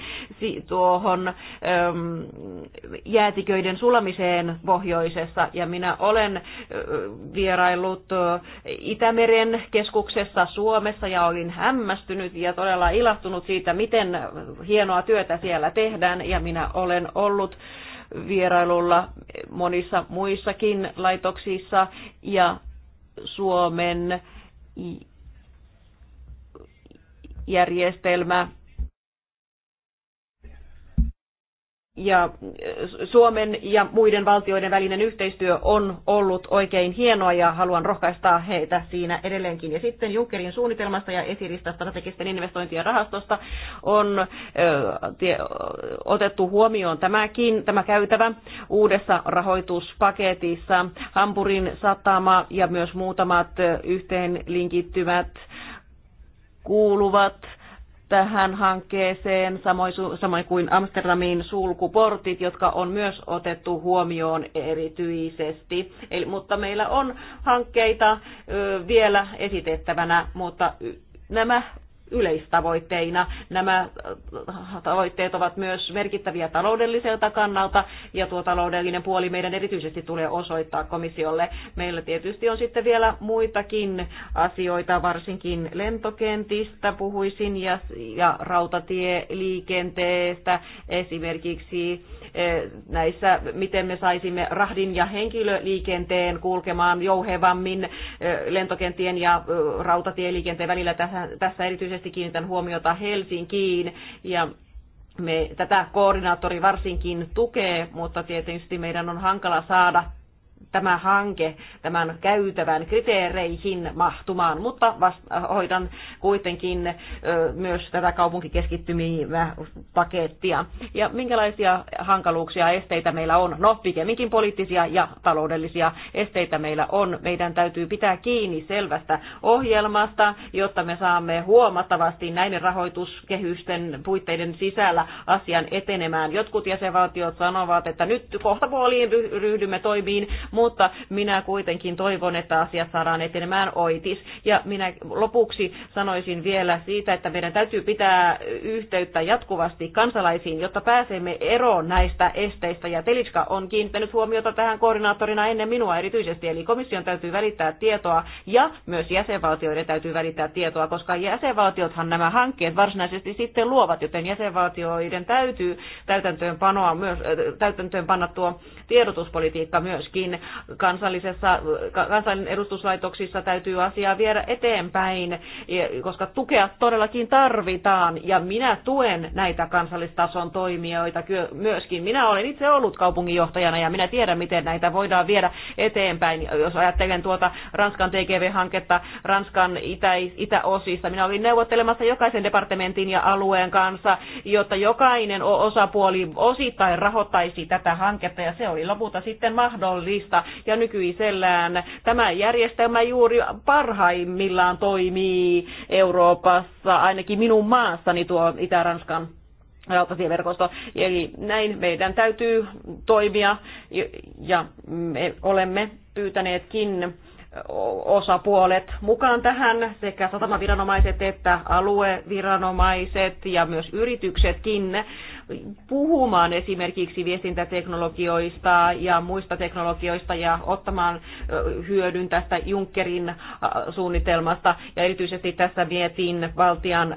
tuohon ähm, jäätiköiden sulamiseen pohjoisessa. Ja minä olen äh, vieraillut äh, Itämeren keskuksessa Suomessa ja olin hämmästynyt ja todella ilahtunut siitä, miten hienoa työtä siellä tehdään. Ja minä olen ollut vierailulla monissa muissakin laitoksissa ja Suomen järjestelmä. Ja Suomen ja muiden valtioiden välinen yhteistyö on ollut oikein hienoa ja haluan rohkaista heitä siinä edelleenkin. Ja sitten Junckerin suunnitelmasta ja esiristä strategisten investointien rahastosta on otettu huomioon tämäkin, tämä käytävä uudessa rahoituspaketissa. Hampurin satama ja myös muutamat linkittymät kuuluvat tähän hankkeeseen, samoin, samoin kuin Amsterdamin sulkuportit, jotka on myös otettu huomioon erityisesti. Eli, mutta meillä on hankkeita ö, vielä esitettävänä, mutta nämä yleistavoitteina. Nämä äh, tavoitteet ovat myös merkittäviä taloudelliselta kannalta ja tuo taloudellinen puoli meidän erityisesti tulee osoittaa komissiolle. Meillä tietysti on sitten vielä muitakin asioita, varsinkin lentokentistä puhuisin ja, ja rautatieliikenteestä esimerkiksi Eh, näissä, miten me saisimme rahdin ja henkilöliikenteen kulkemaan jouhevammin eh, lentokenttien ja eh, rautatieliikenteen välillä. Tässä erityisesti kiinnitän huomiota Helsinkiin ja me, tätä koordinaattori varsinkin tukee, mutta tietysti meidän on hankala saada tämä hanke tämän käytävän kriteereihin mahtumaan, mutta hoidan kuitenkin myös tätä kaupunkikeskittymiä Ja minkälaisia hankaluuksia ja esteitä meillä on? No, pikemminkin poliittisia ja taloudellisia esteitä meillä on. Meidän täytyy pitää kiinni selvästä ohjelmasta, jotta me saamme huomattavasti näiden rahoituskehysten puitteiden sisällä asian etenemään. Jotkut jäsenvaltiot sanovat, että nyt kohta puoliin ryhdymme toimiin, mutta mutta minä kuitenkin toivon, että asiat saadaan etenemään oitis. Ja minä lopuksi sanoisin vielä siitä, että meidän täytyy pitää yhteyttä jatkuvasti kansalaisiin, jotta pääsemme eroon näistä esteistä. Ja Telitska on kiinnittänyt huomiota tähän koordinaattorina ennen minua erityisesti, eli komission täytyy välittää tietoa ja myös jäsenvaltioiden täytyy välittää tietoa, koska jäsenvaltiothan nämä hankkeet varsinaisesti sitten luovat, joten jäsenvaltioiden täytyy panoa myös, äh, panna tuo tiedotuspolitiikka myöskin kansallisessa, kansallinen edustuslaitoksissa täytyy asiaa viedä eteenpäin, koska tukea todellakin tarvitaan ja minä tuen näitä kansallistason toimijoita myöskin. Minä olen itse ollut kaupunginjohtajana ja minä tiedän, miten näitä voidaan viedä eteenpäin. Jos ajattelen tuota Ranskan TGV-hanketta Ranskan itä, minä olin neuvottelemassa jokaisen departementin ja alueen kanssa, jotta jokainen osapuoli osittain rahoittaisi tätä hanketta ja se oli lopulta sitten mahdollista ja nykyisellään tämä järjestelmä juuri parhaimmillaan toimii Euroopassa, ainakin minun maassani tuo Itä-Ranskan rautatieverkosto. Eli näin meidän täytyy toimia ja me olemme pyytäneetkin osapuolet mukaan tähän, sekä satamaviranomaiset että alueviranomaiset ja myös yrityksetkin puhumaan esimerkiksi viestintäteknologioista ja muista teknologioista ja ottamaan hyödyn tästä Junckerin suunnitelmasta. Ja erityisesti tässä mietin valtian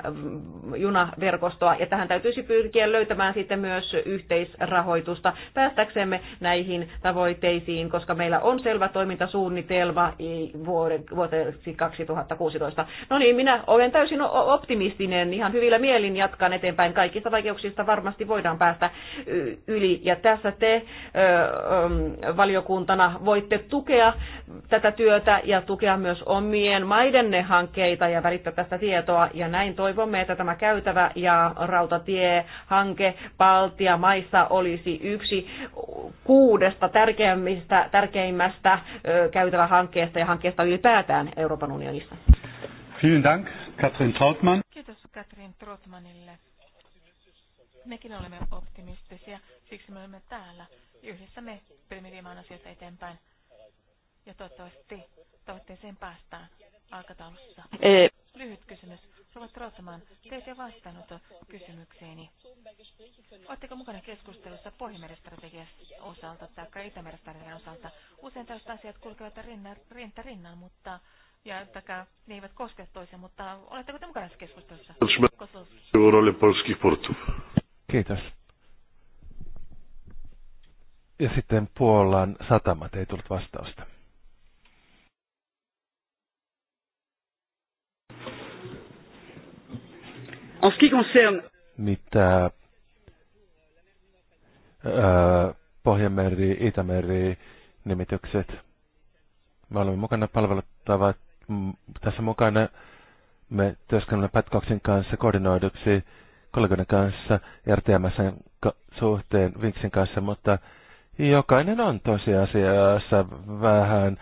junaverkostoa ja tähän täytyisi pyrkiä löytämään sitten myös yhteisrahoitusta päästäksemme näihin tavoitteisiin, koska meillä on selvä toimintasuunnitelma vuodeksi 2016. No niin, minä olen täysin optimistinen, ihan hyvillä mielin jatkan eteenpäin kaikista vaikeuksista varmasti varmasti voidaan päästä yli. Ja tässä te valiokuntana voitte tukea tätä työtä ja tukea myös omien maidenne hankkeita ja välittää tästä tietoa. Ja näin toivomme, että tämä käytävä ja rautatiehanke Baltia maissa olisi yksi kuudesta tärkeimmistä, tärkeimmästä käytävähankkeesta ja hankkeesta ylipäätään Euroopan unionissa. Vielen Dank, Katrin Trautmann. Kiitos Katrin Trautmannille. Mekin olemme optimistisia, siksi me olemme täällä. Yhdessä me pyrimme viemään asioita eteenpäin. Ja toivottavasti tavoitteeseen päästään aikataulussa. E- Lyhyt kysymys. Ruvat Rootsamaan, teitä ei vastannut kysymykseeni. Oletteko mukana keskustelussa Pohjimeren osalta tai Itämeren osalta? Usein tällaiset asiat kulkevat rinna, rinta rinnan, mutta ja takaa, ne eivät koske toisia, mutta oletteko te mukana tässä keskustelussa? Kosovo. Kiitos. Ja sitten Puolan satamat ei tullut vastausta. Mitä ää, Pohjanmeri, Itämeri nimitykset. Me olemme mukana palveluttavat tässä mukana. Me työskennellään Pätkoksin kanssa koordinoiduksi kollegoiden kanssa, RTMSn suhteen, Vinksin kanssa, mutta jokainen on tosiasiassa vähän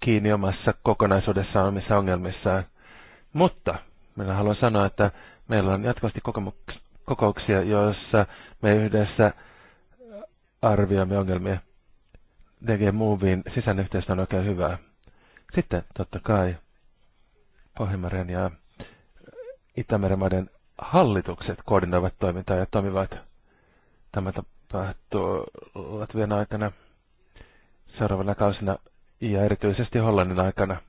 kiinni omassa kokonaisuudessaan omissa ongelmissaan. Mutta minä haluan sanoa, että meillä on jatkuvasti kokouksia, joissa me yhdessä arvioimme ongelmia. DG Movin sisäinen on oikein hyvää. Sitten totta kai Pohjanmeren ja Itämeren maiden hallitukset koordinoivat toimintaa ja toimivat tämä tapahtuu Latvian aikana, seuraavana kausina ja erityisesti Hollannin aikana.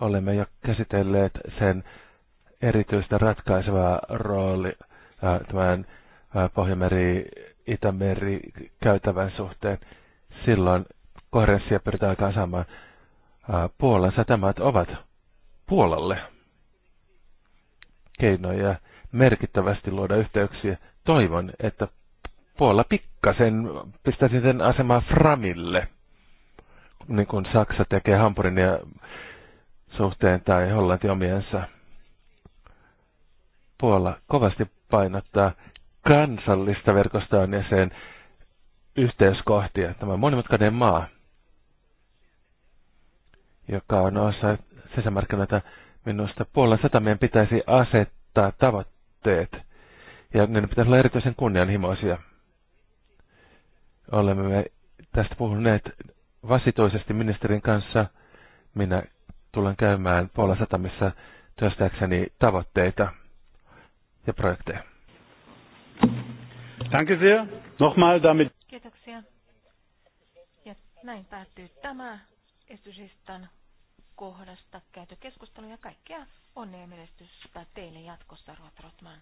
Olemme jo käsitelleet sen erityistä ratkaisevaa rooli tämän Pohjameri, Itämeri käytävän suhteen. Silloin koherenssia pyritään aikaan saamaan Puolan satamat ovat Puolalle keinoja merkittävästi luoda yhteyksiä. Toivon, että puolella pikkasen pistäisin sen asemaa Framille, niin kuin Saksa tekee Hampurin ja suhteen tai Hollanti omiensa. Puola kovasti painottaa kansallista verkostoa ja sen yhteyskohtia. Tämä monimutkainen maa, joka on osa sisämarkkinoita Minusta sata meidän pitäisi asettaa tavoitteet, ja ne pitäisi olla erityisen kunnianhimoisia. Olemme me tästä puhuneet vasitoisesti ministerin kanssa. Minä tulen käymään puolen satamissa työstääkseni tavoitteita ja projekteja. Danke sehr. Nochmal damit. Kiitoksia. Ja näin päättyy tämä esitysistan kohdasta käyty keskustelu ja kaikkea onnea menestystä teille jatkossa, Ruotrotman.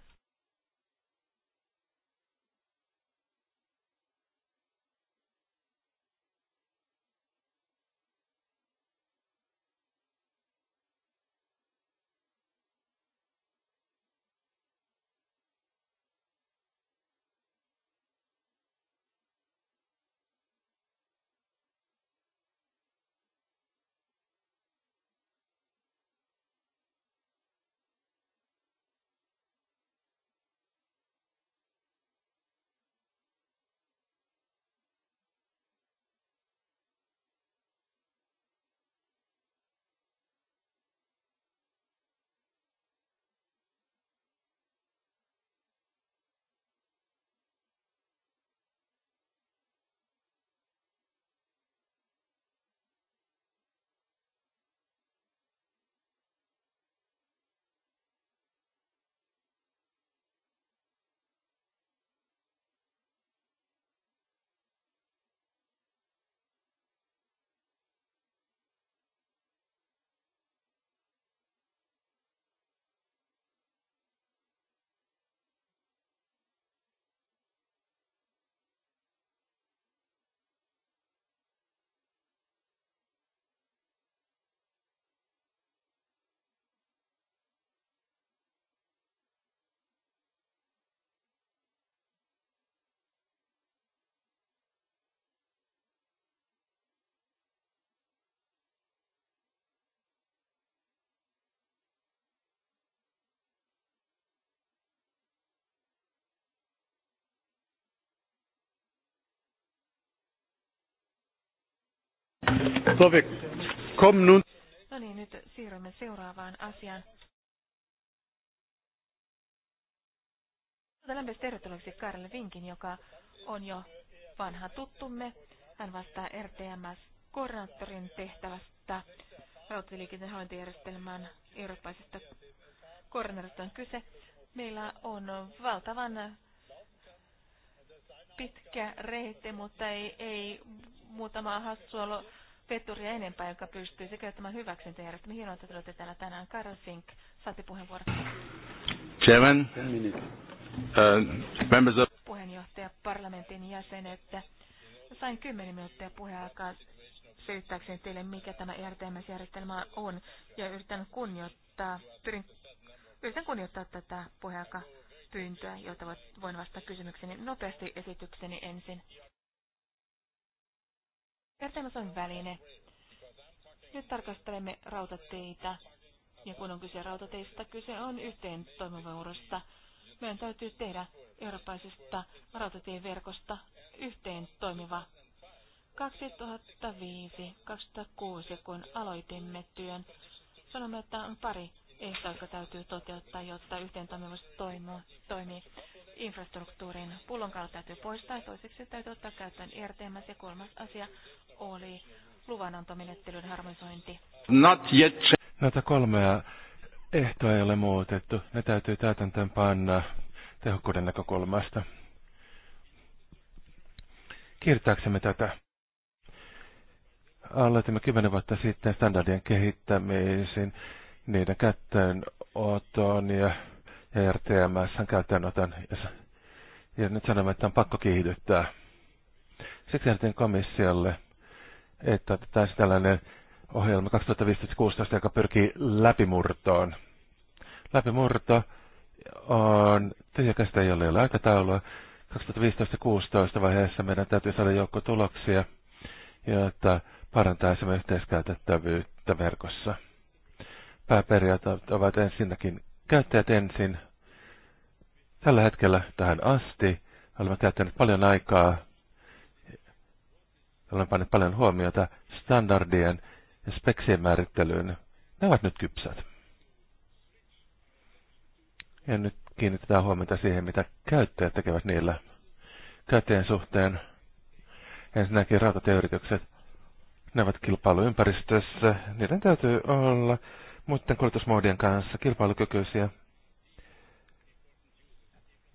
So, wir kommen nun... No niin, nyt siirrymme seuraavaan asiaan. Lämpimästi tervetulleeksi Karel Vinkin, joka on jo vanha tuttumme. Hän vastaa RTMS-koordinaattorin tehtävästä rautatieliikenteen hallintajärjestelmän eurooppaisesta koordinaattorista on kyse. Meillä on valtavan pitkä reitti, mutta ei, ei muutama hassua veturia enempää, joka se käyttämään hyväksyntäjärjestelmää. Hienoa, että tulette täällä tänään. Karl Fink, saatte puheenvuoron. Chairman, uh, members of... Puheenjohtaja, parlamentin että Sain kymmenen minuuttia puheaikaa selittääkseni teille, mikä tämä ERTMS-järjestelmä on, ja yritän kunnioittaa, pyrin, yritän kunnioittaa tätä puheaikaa pyyntöä, jota voin vastata kysymykseni nopeasti esitykseni ensin. Vertailussa on väline. Nyt tarkastelemme rautateitä. Ja kun on kyse rautateista, kyse on yhteen toimivuudesta. Meidän täytyy tehdä eurooppaisesta rautatieverkosta yhteen toimiva. 2005-2006, kun aloitimme työn, sanomme, että on pari ehtoa, jotka täytyy toteuttaa, jotta yhteen toimivuus toimii infrastruktuurin pullonkaula täytyy poistaa, toiseksi täytyy ottaa käyttöön ERTMS ja kolmas asia oli luvanantomenettelyn harmonisointi. Not yet. Näitä kolmea ehtoa ei ole muutettu. Ne täytyy täytäntöön panna tehokkuuden näkökulmasta. Kiirtääksemme tätä. Aloitimme kymmenen vuotta sitten standardien kehittämisen, niiden käyttöönoton ja E ja RTMSn käyttöönoton. Ja nyt sanomme, että on pakko kiihdyttää. Sitten kerrottiin komissiolle, että tässä tällainen ohjelma 2015-2016, joka pyrkii läpimurtoon. Läpimurto on tyhjäkästä, ei ole aikataulua. 2015-2016 vaiheessa meidän täytyy saada joukko tuloksia, jotta parantaisimme yhteiskäytettävyyttä verkossa. Pääperiaat ovat ensinnäkin käyttäjät ensin. Tällä hetkellä tähän asti olemme käyttäneet paljon aikaa, olemme panneet paljon huomiota standardien ja speksien määrittelyyn. Ne ovat nyt kypsät. Ja nyt kiinnitetään huomiota siihen, mitä käyttäjät tekevät niillä käyttäjän suhteen. Ensinnäkin rautatieyritykset, ne ovat kilpailuympäristössä, niiden täytyy olla muiden kuljetusmoodien kanssa kilpailukykyisiä.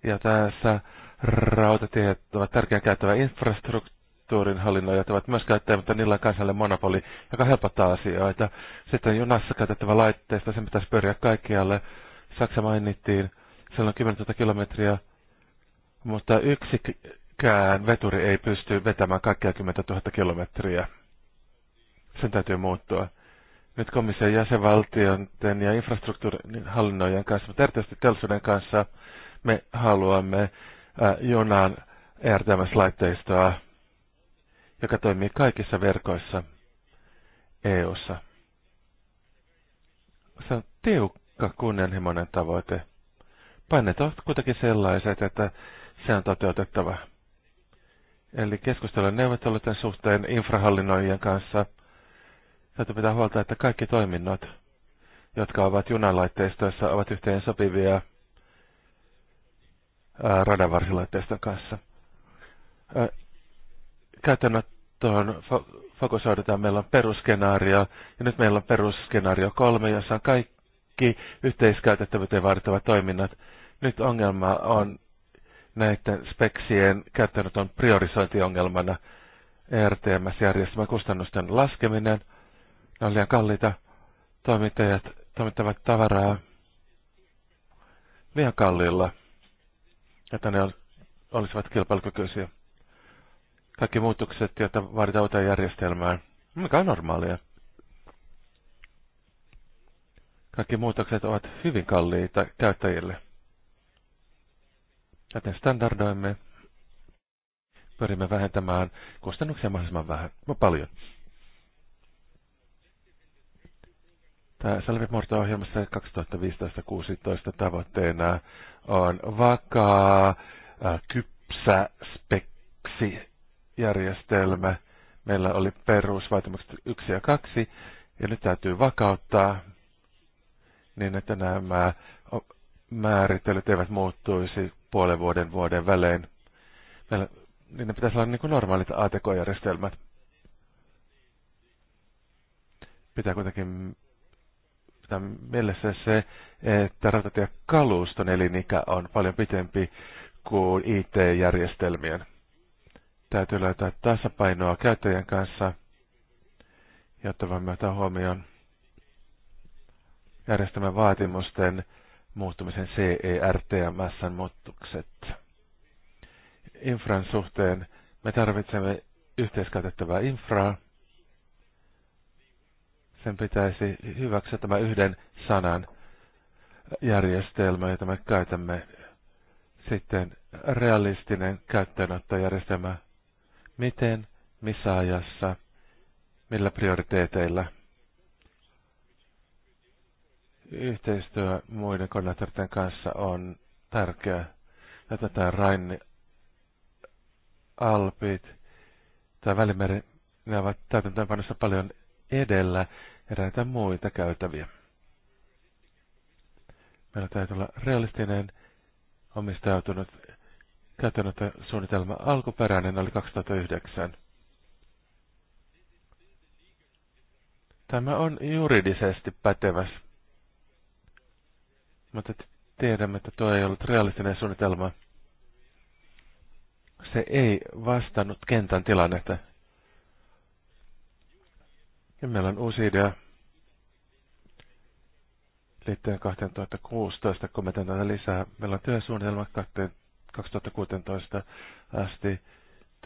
Ja tässä rautatiet ovat tärkeän käyttävä infrastruktuurin hallinnoja, ovat myös käyttämättä niillä kansalle monopoli, joka helpottaa asioita. Sitten junassa käytettävä laitteista, sen pitäisi pyöriä kaikkialle. Saksa mainittiin, siellä on 10 000 kilometriä, mutta yksikään veturi ei pysty vetämään kaikkia 10 000 kilometriä. Sen täytyy muuttua nyt komission jäsenvaltioiden ja infrastruktuurin hallinnoijan kanssa, mutta erityisesti teollisuuden kanssa me haluamme junan ERTMS-laitteistoa, joka toimii kaikissa verkoissa EU:ssa. Se on tiukka kunnianhimoinen tavoite. Paineet ovat kuitenkin sellaiset, että se on toteutettava. Eli keskustelun neuvotteluiden suhteen infrahallinnoijien kanssa – Täytyy pitää huolta, että kaikki toiminnot, jotka ovat junalaitteistoissa, ovat yhteen sopivia radanvarsilaitteiston kanssa. Käytännöttöön fokusoidutaan. Meillä on perusskenaario, ja nyt meillä on perusskenaario kolme, jossa on kaikki yhteiskäytettävyyteen vaadittavat toiminnat. Nyt ongelma on näiden speksien käyttöönoton priorisointiongelmana ERTMS-järjestelmän kustannusten laskeminen – ne on liian kalliita. Toimittajat toimittavat tavaraa liian kalliilla, että ne olisivat kilpailukykyisiä. Kaikki muutokset, joita vaaditaan uuteen järjestelmään, mikä on normaalia. Kaikki muutokset ovat hyvin kalliita käyttäjille. Joten standardoimme, pyrimme vähentämään kustannuksia mahdollisimman vähän, paljon. Morto ohjelmassa 2015-2016 tavoitteena on vakaa, kypsä speksijärjestelmä. Meillä oli perusvaatimukset 1 ja 2, ja nyt täytyy vakauttaa niin, että nämä määrittelyt eivät muuttuisi puolen vuoden vuoden välein. Meillä, niin ne pitäisi olla niin kuin normaalit ATK-järjestelmät. Pitää kuitenkin pitää mielessä se, että rautatiekaluston elinikä on paljon pitempi kuin IT-järjestelmien. Täytyy löytää tasapainoa käyttäjien kanssa, jotta voimme ottaa huomioon järjestelmän vaatimusten muuttumisen CERTMSn muuttukset. Infran suhteen me tarvitsemme yhteiskäytettävää infraa, sen pitäisi hyväksyä tämä yhden sanan järjestelmä, jota me käytämme sitten realistinen käyttöönottojärjestelmä. Miten, missä ajassa, millä prioriteeteilla. Yhteistyö muiden koordinaattorien kanssa on tärkeää. Ja tätä Rain Alpit tai Välimeri, ne ovat täytäntöönpanossa paljon edellä eräitä muita käytäviä. Meillä täytyy olla realistinen, omistautunut suunnitelma Alkuperäinen oli 2009. Tämä on juridisesti pätevä, mutta tiedämme, että tuo ei ollut realistinen suunnitelma. Se ei vastannut kentän tilannetta. Ja meillä on uusi idea liittyen 2016, kun me tätä lisää. Meillä on työsuunnitelma 2016 asti.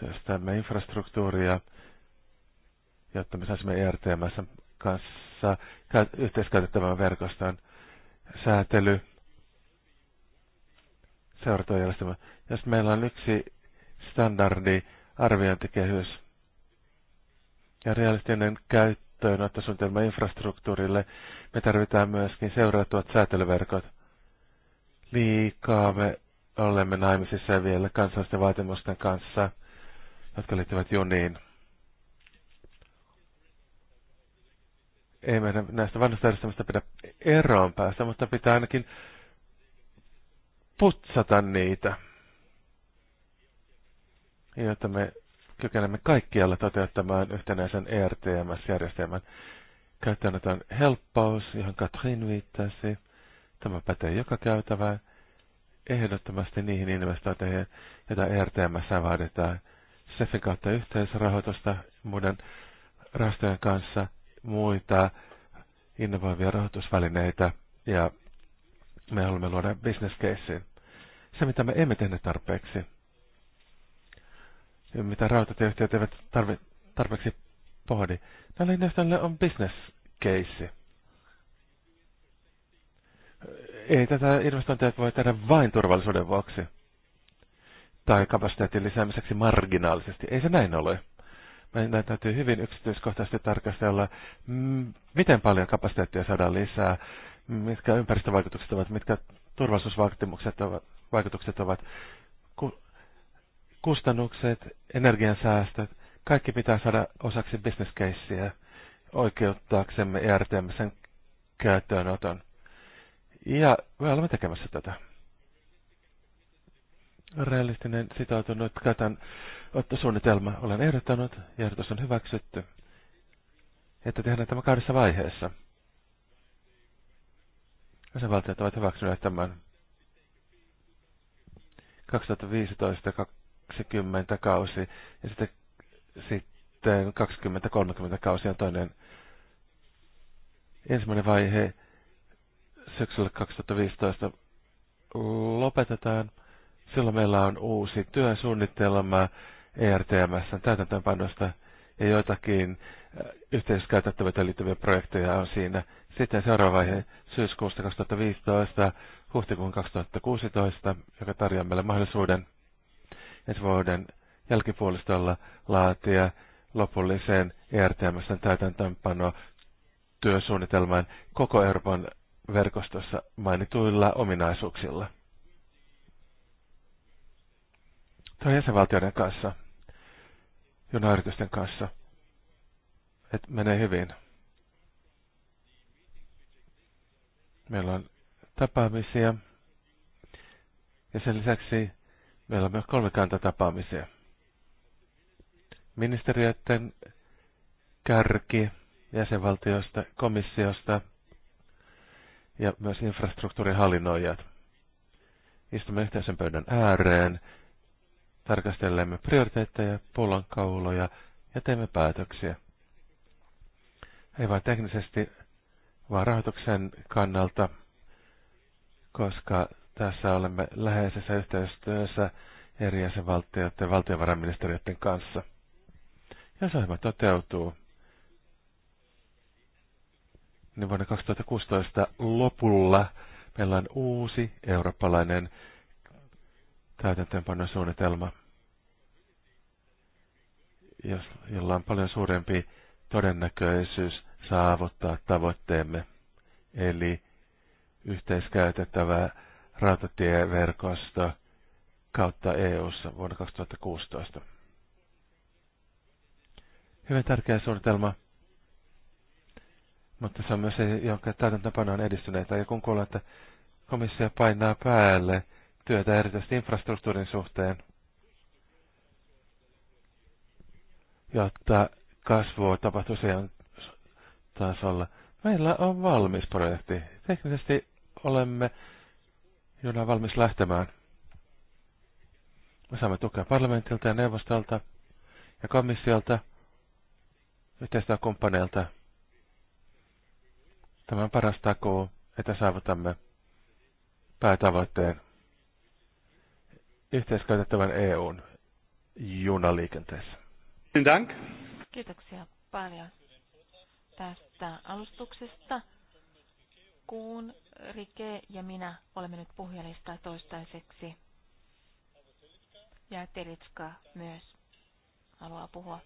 Työstämme infrastruktuuria, jotta me saisimme ERTMS kanssa yhteiskäytettävän verkoston säätely, seurantajärjestelmä. Ja sitten meillä on yksi standardi arviointikehys ja realistinen käyttöönottosuunnitelma infrastruktuurille. Me tarvitaan myöskin seurattuvat säätelyverkot. Liikaa me olemme naimisissa vielä kansallisten vaatimusten kanssa, jotka liittyvät juniin. Ei meidän näistä vanhasta järjestelmistä pidä eroon päästä, mutta pitää ainakin putsata niitä, jotta me kykenemme kaikkialla toteuttamaan yhtenäisen ERTMS-järjestelmän. Käyttöönoton helppous, johon Katrin viittasi. Tämä pätee joka käytävään. Ehdottomasti niihin investointeihin, joita ERTMS vaaditaan. SEFin kautta yhteisrahoitusta muiden rahastojen kanssa, muita innovoivia rahoitusvälineitä ja me haluamme luoda business casein. Se, mitä me emme tehneet tarpeeksi, mitä rautatieyhtiöt eivät tarvi, tarpeeksi pohdi. Näille investoinnille on business case. Ei tätä investointia voi tehdä vain turvallisuuden vuoksi tai kapasiteetin lisäämiseksi marginaalisesti. Ei se näin ole. Meidän täytyy hyvin yksityiskohtaisesti tarkastella, mm, miten paljon kapasiteettia saadaan lisää, mitkä ympäristövaikutukset ovat, mitkä turvallisuusvaikutukset ovat, Kustannukset, energiansäästöt, kaikki pitää saada osaksi business casea oikeuttaaksemme e sen käyttöönoton. Ja me olemme tekemässä tätä. Realistinen sitoutunut katan ottosuunnitelma olen ehdottanut ja ehdotus on hyväksytty, että tehdään tämä kahdessa vaiheessa. Jäsenvaltiot ovat hyväksyneet tämän 2015 20 kausi ja sitten, sitten 20-30 kausi on toinen ensimmäinen vaihe syksyllä 2015 lopetetaan. Silloin meillä on uusi työsuunnitelma ERTMSn täytäntöönpanosta ja joitakin äh, yhteiskäytettävyyteen liittyviä projekteja on siinä. Sitten seuraava vaihe syyskuusta 2015 huhtikuun 2016, joka tarjoaa meille mahdollisuuden ensi vuoden jälkipuolistolla laatia lopulliseen ERTMSn täytäntöönpano työsuunnitelman koko Euroopan verkostossa mainituilla ominaisuuksilla. Tai jäsenvaltioiden kanssa, junayritysten kanssa, että menee hyvin. Meillä on tapaamisia ja sen lisäksi Meillä on myös kolmikantatapaamisia. Ministeriöiden kärki jäsenvaltiosta, komissiosta ja myös infrastruktuurihallinnoijat. Istumme yhteisen pöydän ääreen, tarkastelemme prioriteetteja, pullonkauloja ja teemme päätöksiä. Ei vain teknisesti, vaan rahoituksen kannalta, koska tässä olemme läheisessä yhteistyössä eri jäsenvaltioiden ja valtiovarainministeriöiden kanssa. Jos ohjelma toteutuu, niin vuonna 2016 lopulla meillä on uusi eurooppalainen täytäntöönpanosuunnitelma, jolla on paljon suurempi todennäköisyys saavuttaa tavoitteemme, eli yhteiskäytettävää rautatieverkosto kautta EU-ssa vuonna 2016. Hyvin tärkeä suunnitelma, mutta se on myös se, jonka täytäntöpano on edistyneitä. Ja kun kuulee, että komissio painaa päälle työtä erityisesti infrastruktuurin suhteen, jotta kasvua tapahtuisi tasolla. Meillä on valmis projekti. Teknisesti olemme jolla on valmis lähtemään. Me saamme tukea parlamentilta ja neuvostolta ja komissiolta, yhteistyökumppaneilta. Tämä on paras takuu, että saavutamme päätavoitteen yhteiskäytettävän EUn junaliikenteessä. Kiitoksia paljon tästä alustuksesta. Kuun, Rike ja minä olemme nyt puhujalistaa toistaiseksi. Ja Telitska myös haluaa puhua.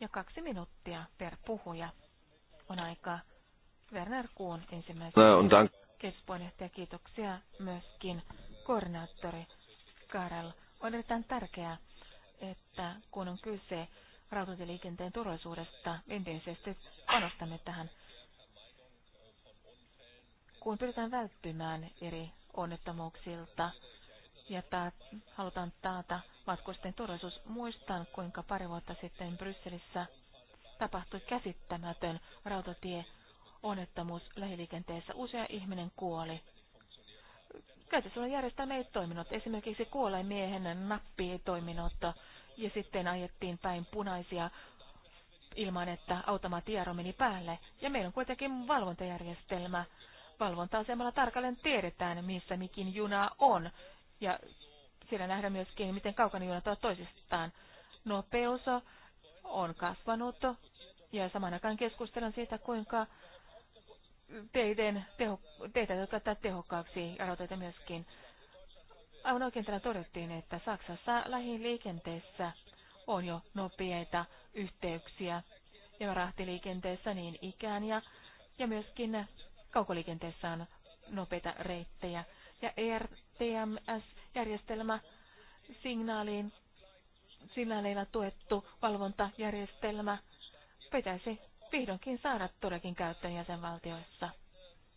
Ja kaksi minuuttia per puhuja on aikaa. Werner Kuun ensimmäisenä. Äh, Keskuspuheenjohtaja, kiitoksia myöskin koordinaattori Karel. On erittäin tärkeää, että kun on kyse rautatieliikenteen turvallisuudesta, intensiivisesti panostamme tähän kun pyritään välttymään eri onnettomuuksilta ja taat, halutaan taata matkusten turvallisuus. Muistan, kuinka pari vuotta sitten Brysselissä tapahtui käsittämätön rautatie onnettomuus lähiliikenteessä. Usea ihminen kuoli. Käytössä on järjestelmä ei toiminut. Esimerkiksi kuolleen miehen nappi ei toiminut ja sitten ajettiin päin punaisia ilman, että automaatiaro meni päälle. Ja meillä on kuitenkin valvontajärjestelmä, valvonta-asemalla tarkalleen tiedetään, missä mikin juna on. Ja siellä nähdään myöskin, miten kaukana junat ovat toisistaan. Nopeus on kasvanut ja saman aikaan keskustellaan siitä, kuinka teiden teho, teitä täytyy tehokkaaksi aloitetta myöskin. Aivan oikein täällä todettiin, että Saksassa lähiliikenteessä on jo nopeita yhteyksiä ja rahtiliikenteessä niin ikään ja, ja myöskin Kaukoliikenteessä on nopeita reittejä. Ja ERTMS-järjestelmä signaaliin, signaaleilla tuettu valvontajärjestelmä pitäisi vihdoinkin saada todellakin käyttöön jäsenvaltioissa.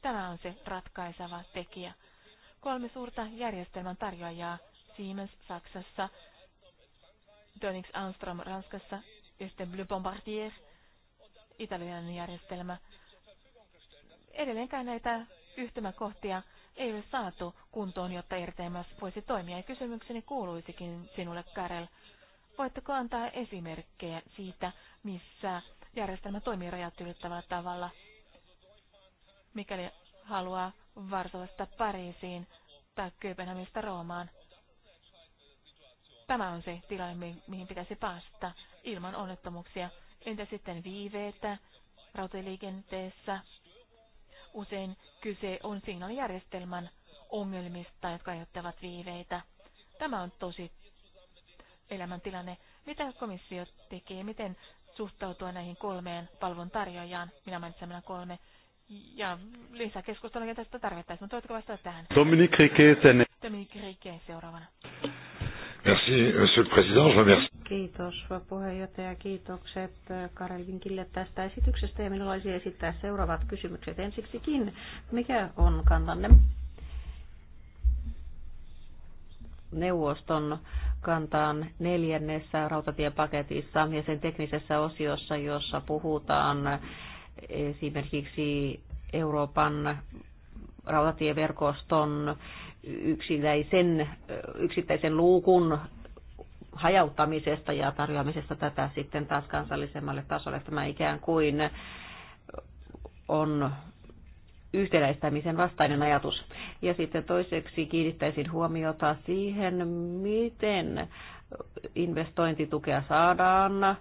Tämä on se ratkaiseva tekijä. Kolme suurta järjestelmän tarjoajaa, Siemens Saksassa, Dönings Armstrong Ranskassa ja sitten Bombardier, italialainen järjestelmä, edelleenkään näitä yhtymäkohtia ei ole saatu kuntoon, jotta RTMS voisi toimia. Ja kysymykseni kuuluisikin sinulle, Karel. Voitteko antaa esimerkkejä siitä, missä järjestelmä toimii rajat ylittävällä tavalla, mikäli haluaa Varsovasta Pariisiin tai Kööpenhaminasta Roomaan? Tämä on se tilanne, mihin pitäisi päästä ilman onnettomuuksia. Entä sitten viiveitä rautaliikenteessä? Usein kyse on signaalijärjestelmän ongelmista, jotka aiheuttavat viiveitä. Tämä on tosi elämäntilanne. Mitä komissio tekee? Miten suhtautua näihin kolmeen palveluntarjoajaan? Minä mainitsen nämä kolme. Ja lisää keskustelua tästä tarvittaisiin, mutta voitko vastata tähän? Dominique Riquet, seuraavana. Merci, monsieur le président, je remercie. Kiitos puheenjohtaja, kiitokset äh, Karel Vinkille tästä esityksestä ja minulla olisi esittää seuraavat kysymykset. Ensiksikin, mikä on kantanne neuvoston kantaan neljännessä rautatiepaketissa ja sen teknisessä osiossa, jossa puhutaan esimerkiksi Euroopan rautatieverkoston yksittäisen, yksittäisen luukun hajauttamisesta ja tarjoamisesta tätä sitten taas kansallisemmalle tasolle. Tämä ikään kuin on yhtenäistämisen vastainen ajatus. Ja sitten toiseksi kiinnittäisin huomiota siihen, miten investointitukea saadaan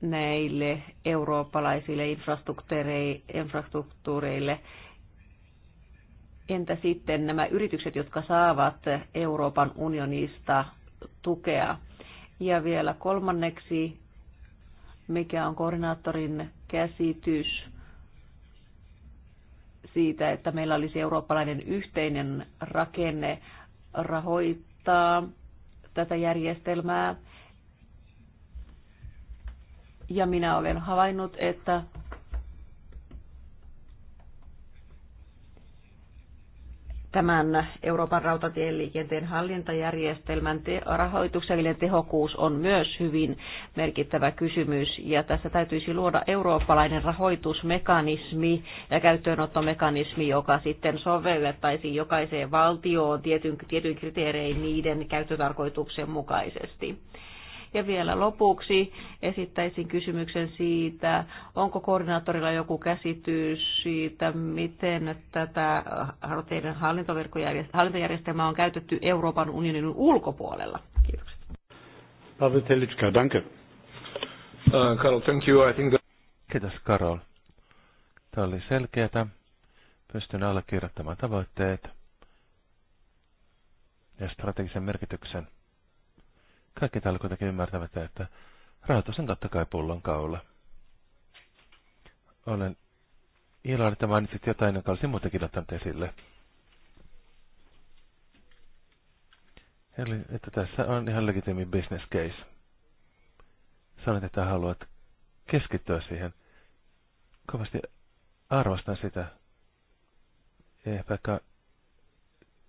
näille eurooppalaisille infrastruktuureille, Entä sitten nämä yritykset, jotka saavat Euroopan unionista tukea? Ja vielä kolmanneksi, mikä on koordinaattorin käsitys siitä, että meillä olisi eurooppalainen yhteinen rakenne rahoittaa tätä järjestelmää. Ja minä olen havainnut, että tämän Euroopan liikenteen hallintajärjestelmän te- rahoituksellinen tehokkuus on myös hyvin merkittävä kysymys, ja tässä täytyisi luoda eurooppalainen rahoitusmekanismi ja käyttöönottomekanismi, joka sitten sovellettaisiin jokaiseen valtioon tietyn, tietyn kriteerein niiden käyttötarkoituksen mukaisesti ja vielä lopuksi esittäisin kysymyksen siitä, onko koordinaattorilla joku käsitys siitä, miten tätä äh, teidän hallintojärjestelmää on käytetty Euroopan unionin ulkopuolella. Kiitokset. Pavel Telitska, danke. Uh, Karol, thank you. I think that... Kiitos Karol. Tämä oli selkeätä. Pystyn allekirjoittamaan tavoitteet ja strategisen merkityksen. Kaikki täällä kuitenkin ymmärtävät, että rahoitus on totta kai pullon kaula. Olen iloinen, että mainitsit jotain, jonka olisin muutenkin ottanut esille. Eli että tässä on ihan legitimi business case. Sanoit, että haluat keskittyä siihen. Kovasti arvostan sitä. Ehkä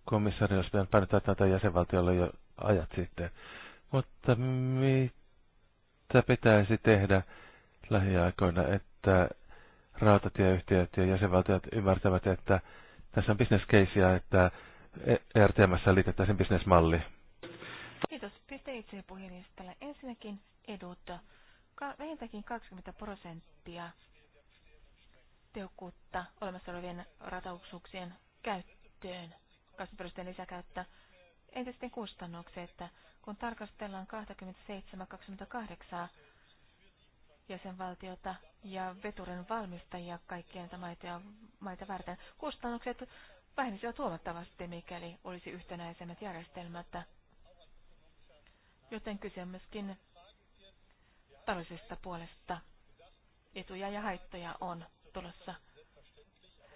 komissari olisi pitänyt painottaa tätä jäsenvaltiolle jo ajat sitten. Mutta mitä pitäisi tehdä lähiaikoina, että rautatieyhtiöt ja jäsenvaltiot ymmärtävät, että tässä on business e ja että RTMssä liitettäisiin bisnesmalli? Kiitos. Piste itse puhelistalle. Ensinnäkin edut. Vähintäänkin 20 prosenttia tehokkuutta olemassa olevien ratauksuuksien käyttöön, kasvuperusteen lisäkäyttö. Entä sitten kustannukset? kun tarkastellaan 27-28 jäsenvaltiota ja veturin valmistajia kaikkien maita, maita varten, kustannukset vähenisivät huomattavasti, mikäli olisi yhtenäisemmät järjestelmät. Joten kyse on myöskin taloudellisesta puolesta. Etuja ja haittoja on tulossa.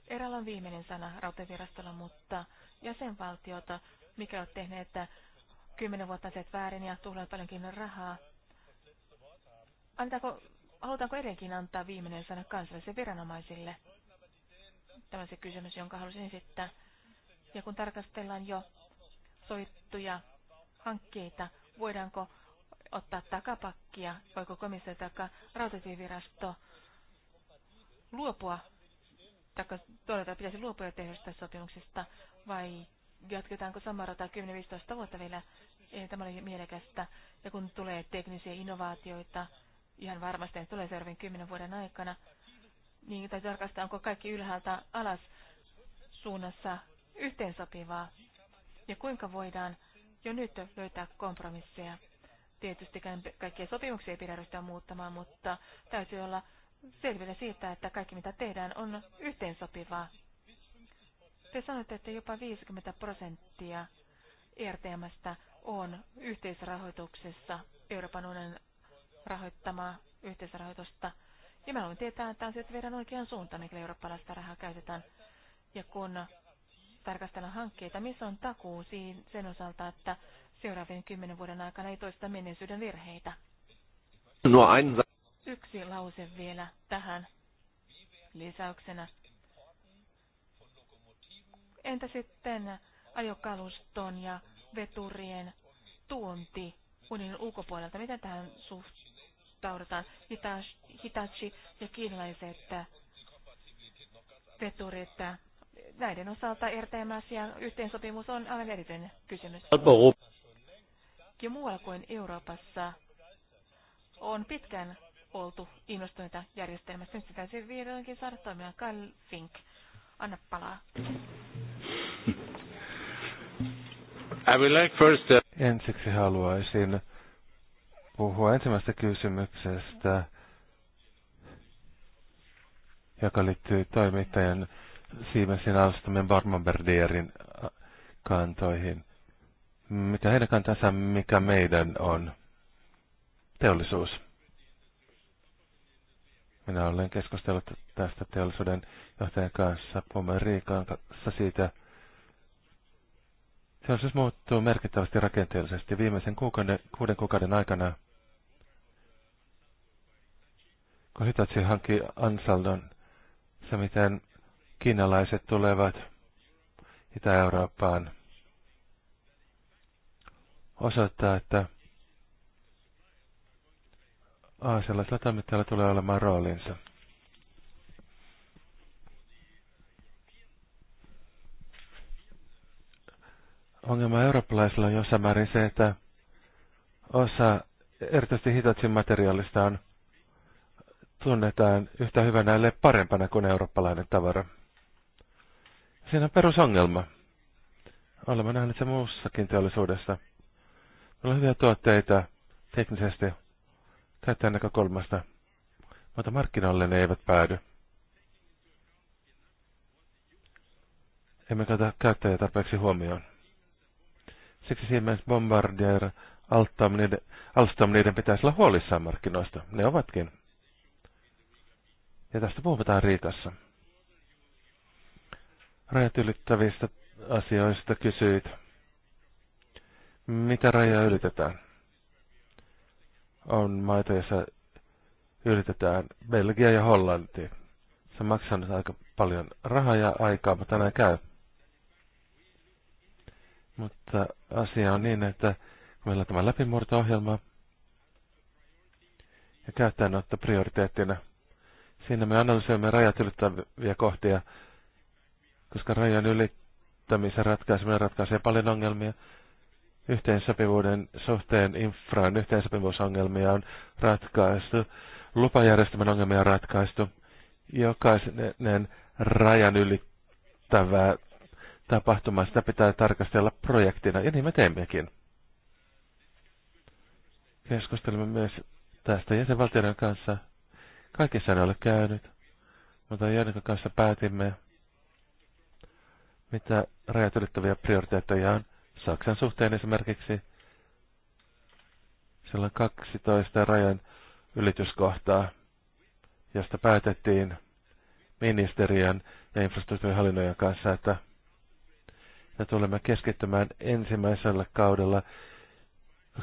Eräällä on viimeinen sana rautavirastolla, mutta jäsenvaltiota, mikä on että kymmenen vuotta teet väärin ja tuhlaat paljonkin rahaa. Annetaanko, halutaanko edelleenkin antaa viimeinen sana kansallisille viranomaisille? Tämä on se kysymys, jonka halusin esittää. Ja kun tarkastellaan jo soittuja hankkeita, voidaanko ottaa takapakkia, voiko komissio tai rautatievirasto luopua, tai todeta, pitäisi luopua tehdystä sopimuksesta, vai jatketaanko samaa rataa 10-15 vuotta vielä, tämä oli mielekästä. Ja kun tulee teknisiä innovaatioita, ihan varmasti että tulee seuraavien 10 vuoden aikana, niin täytyy tarkastaa, onko kaikki ylhäältä alas suunnassa yhteensopivaa ja kuinka voidaan jo nyt löytää kompromisseja. Tietysti kaikkia sopimuksia ei pidä ryhtyä muuttamaan, mutta täytyy olla selville siitä, että kaikki mitä tehdään on yhteensopivaa te sanoitte, että jopa 50 prosenttia ERTMstä on yhteisrahoituksessa, Euroopan unionin rahoittamaa yhteisrahoitusta. Ja mä haluan tietää, että asiat viedään oikeaan suuntaan, mikä eurooppalaista rahaa käytetään. Ja kun tarkastellaan hankkeita, missä on takuu sen osalta, että seuraavien kymmenen vuoden aikana ei toista menneisyyden virheitä. Yksi lause vielä tähän lisäyksenä. Entä sitten ajokaluston ja veturien tuonti unionin ulkopuolelta? Miten tähän suhtaudutaan? Hitachi ja kiinalaiset veturit. Näiden osalta rtms ja yhteensopimus on aivan erityinen kysymys. Ja muualla kuin Euroopassa on pitkään oltu innostuneita järjestelmästä. Nyt sitä täytyy vihdoinkin saada toimia. Kyle Fink, anna palaa. I would like first, uh, Ensiksi haluaisin puhua ensimmäisestä kysymyksestä, joka liittyy toimittajan Siemensin alustamien Barmanberdierin äh, kantoihin. Mitä heidän kantansa, mikä meidän on? Teollisuus. Minä olen keskustellut tästä teollisuuden johtajan kanssa Pomeriikan kanssa siitä, Teollisuus siis muuttuu merkittävästi rakenteellisesti viimeisen kuukauden, kuuden kuukauden aikana. Kun Hitachi hankki Ansaldon, se miten kiinalaiset tulevat Itä-Eurooppaan, osoittaa, että aasialaisella toimittajalla tulee olemaan roolinsa. ongelma eurooppalaisilla on jossain määrin se, että osa erityisesti Hitachin materiaalista on, tunnetaan yhtä hyvänä ja parempana kuin eurooppalainen tavara. Siinä on perusongelma. Olemme nähneet se muussakin teollisuudessa. Meillä on hyviä tuotteita teknisesti käyttäjän näkökulmasta, mutta markkinoille ne eivät päädy. Emme kata käyttäjä tarpeeksi huomioon. Siksi Siemens Bombardier Alstom niiden, Alstom niiden pitäisi olla huolissaan markkinoista. Ne ovatkin. Ja tästä puhutaan riitassa. Rajat ylittävistä asioista kysyit. Mitä rajaa ylitetään? On maita, joissa ylitetään Belgia ja Hollanti. Se maksaa nyt aika paljon rahaa ja aikaa, mutta tänään käy. Mutta asia on niin, että meillä on tämä läpimurto-ohjelma ja käyttäjänotto prioriteettina, siinä me analysoimme rajat ylittäviä kohtia, koska rajan ylittämisen ratkaiseminen ratkaisee paljon ongelmia. Yhteensopivuuden suhteen infraan yhteensopivuusongelmia on ratkaistu, lupajärjestelmän ongelmia on ratkaistu, Jokaisen rajan ylittävää tapahtumaa, sitä pitää tarkastella projektina, ja niin me teemmekin. Keskustelemme myös tästä jäsenvaltioiden kanssa. Kaikissa ne ole käynyt, mutta Jannikon kanssa päätimme, mitä rajat ylittäviä prioriteetteja on Saksan suhteen esimerkiksi. Siellä on 12 rajan ylityskohtaa, josta päätettiin ministeriön ja infrastruktuurihallinnojen kanssa, että ja tulemme keskittymään ensimmäisellä kaudella 2015-2025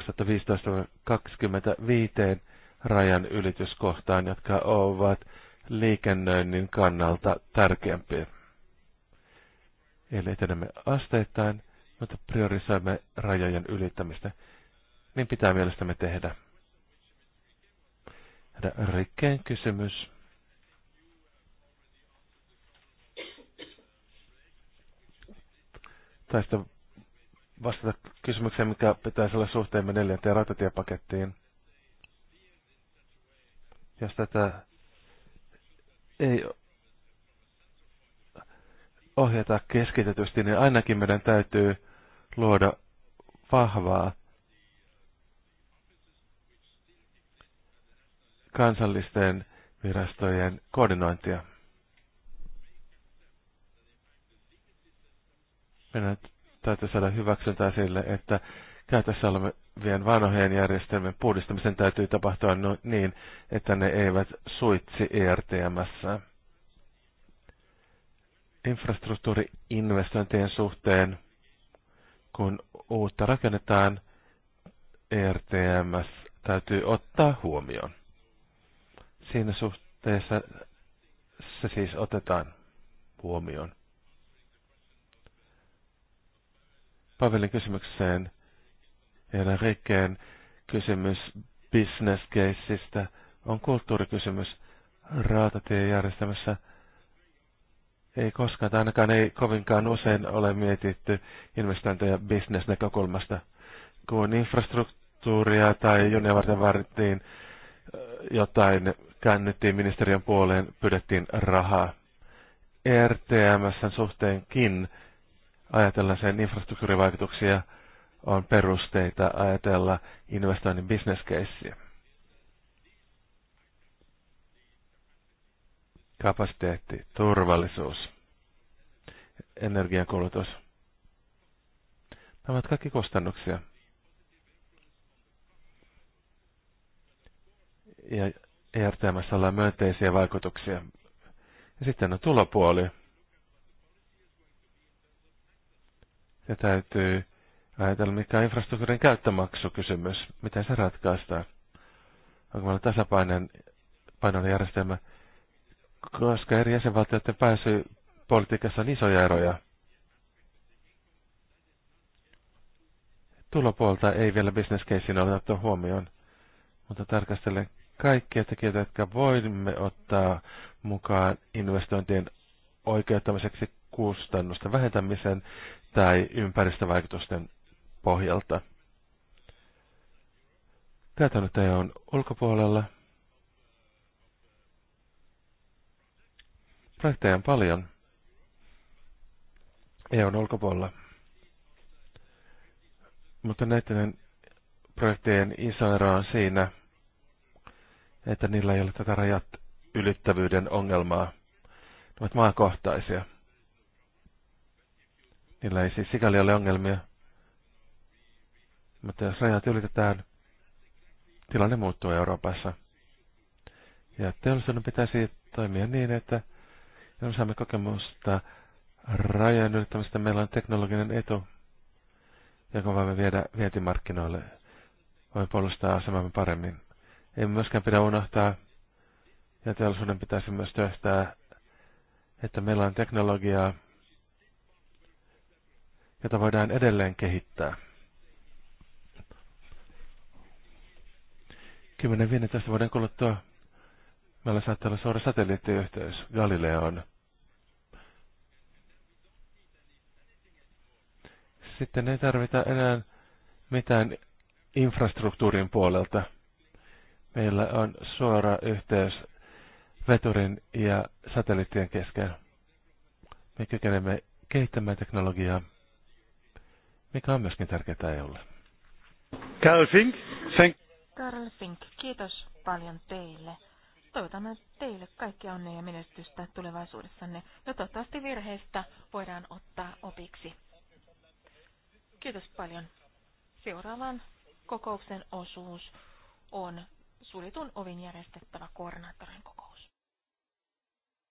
rajan ylityskohtaan, jotka ovat liikennöinnin kannalta tärkeämpiä. Eli etenemme asteittain, mutta priorisoimme rajojen ylittämistä. Niin pitää mielestämme tehdä. Rikkeen kysymys. tästä vastata kysymykseen, mikä pitäisi olla suhteemme neljänteen rautatiepakettiin. Jos tätä ei ohjata keskitetysti, niin ainakin meidän täytyy luoda vahvaa kansallisten virastojen koordinointia. Meidän täytyy saada hyväksyntää sille, että käytössä olevien vanhojen järjestelmien puhdistamisen täytyy tapahtua niin, että ne eivät suitsi ERTMS. Infrastruktuuriinvestointien suhteen, kun uutta rakennetaan, ERTMS täytyy ottaa huomioon. Siinä suhteessa se siis otetaan huomioon. Pavelin kysymykseen ja Rikkeen kysymys bisneskeissistä on kulttuurikysymys rautatiejärjestelmässä. Ei koskaan, tai ainakaan ei kovinkaan usein ole mietitty investointeja bisnesnäkökulmasta. Kun infrastruktuuria tai junia varten vaadittiin jotain, käännettiin ministeriön puoleen, pyydettiin rahaa. ERTMSn suhteenkin Ajatella sen infrastruktuurivaikutuksia, on perusteita ajatella investoinnin bisneskeissiä. Kapasiteetti, turvallisuus, energiankulutus. Nämä ovat kaikki kustannuksia. Ja ERTMS on myönteisiä vaikutuksia. Ja sitten on tulopuoli. Ja täytyy ajatella, mikä on infrastruktuurin käyttömaksukysymys, miten se ratkaistaan. Onko meillä tasapainoinen järjestelmä, koska eri jäsenvaltioiden pääsy politiikassa on isoja eroja. Tulopuolta ei vielä business caseina otettu huomioon, mutta tarkastelen kaikkia tekijöitä, jotka voimme ottaa mukaan investointien oikeuttamiseksi kustannusten vähentämisen tai ympäristövaikutusten pohjalta. Tätä nyt ei on ulkopuolella. Projekteja on paljon. EUn ulkopuolella. Mutta näiden projektien iso ero on siinä, että niillä ei ole tätä rajat ylittävyyden ongelmaa. Ne ovat maakohtaisia. Niillä ei siis sikäli ole ongelmia. Mutta jos rajat ylitetään, tilanne muuttuu Euroopassa. Ja teollisuuden pitäisi toimia niin, että jos saamme kokemusta rajan ylittämistä, meillä on teknologinen etu, jonka voimme viedä vientimarkkinoille. Voimme puolustaa asemamme paremmin. Ei myöskään pidä unohtaa, ja teollisuuden pitäisi myös työstää, että meillä on teknologiaa, jota voidaan edelleen kehittää. 10-15 vuoden kuluttua meillä saattaa olla suora satelliittiyhteys Galileoon. Sitten ei tarvita enää mitään infrastruktuurin puolelta. Meillä on suora yhteys veturin ja satelliittien kesken. Me kykenemme kehittämään teknologiaa mikä on myöskin tärkeää EUlle. Carl Fink, thank Carl Fink, kiitos paljon teille. Toivotamme teille kaikkia onnea ja menestystä tulevaisuudessanne, ja toivottavasti virheistä voidaan ottaa opiksi. Kiitos paljon. Seuraavan kokouksen osuus on suljetun ovin järjestettävä koordinaattorin kokous.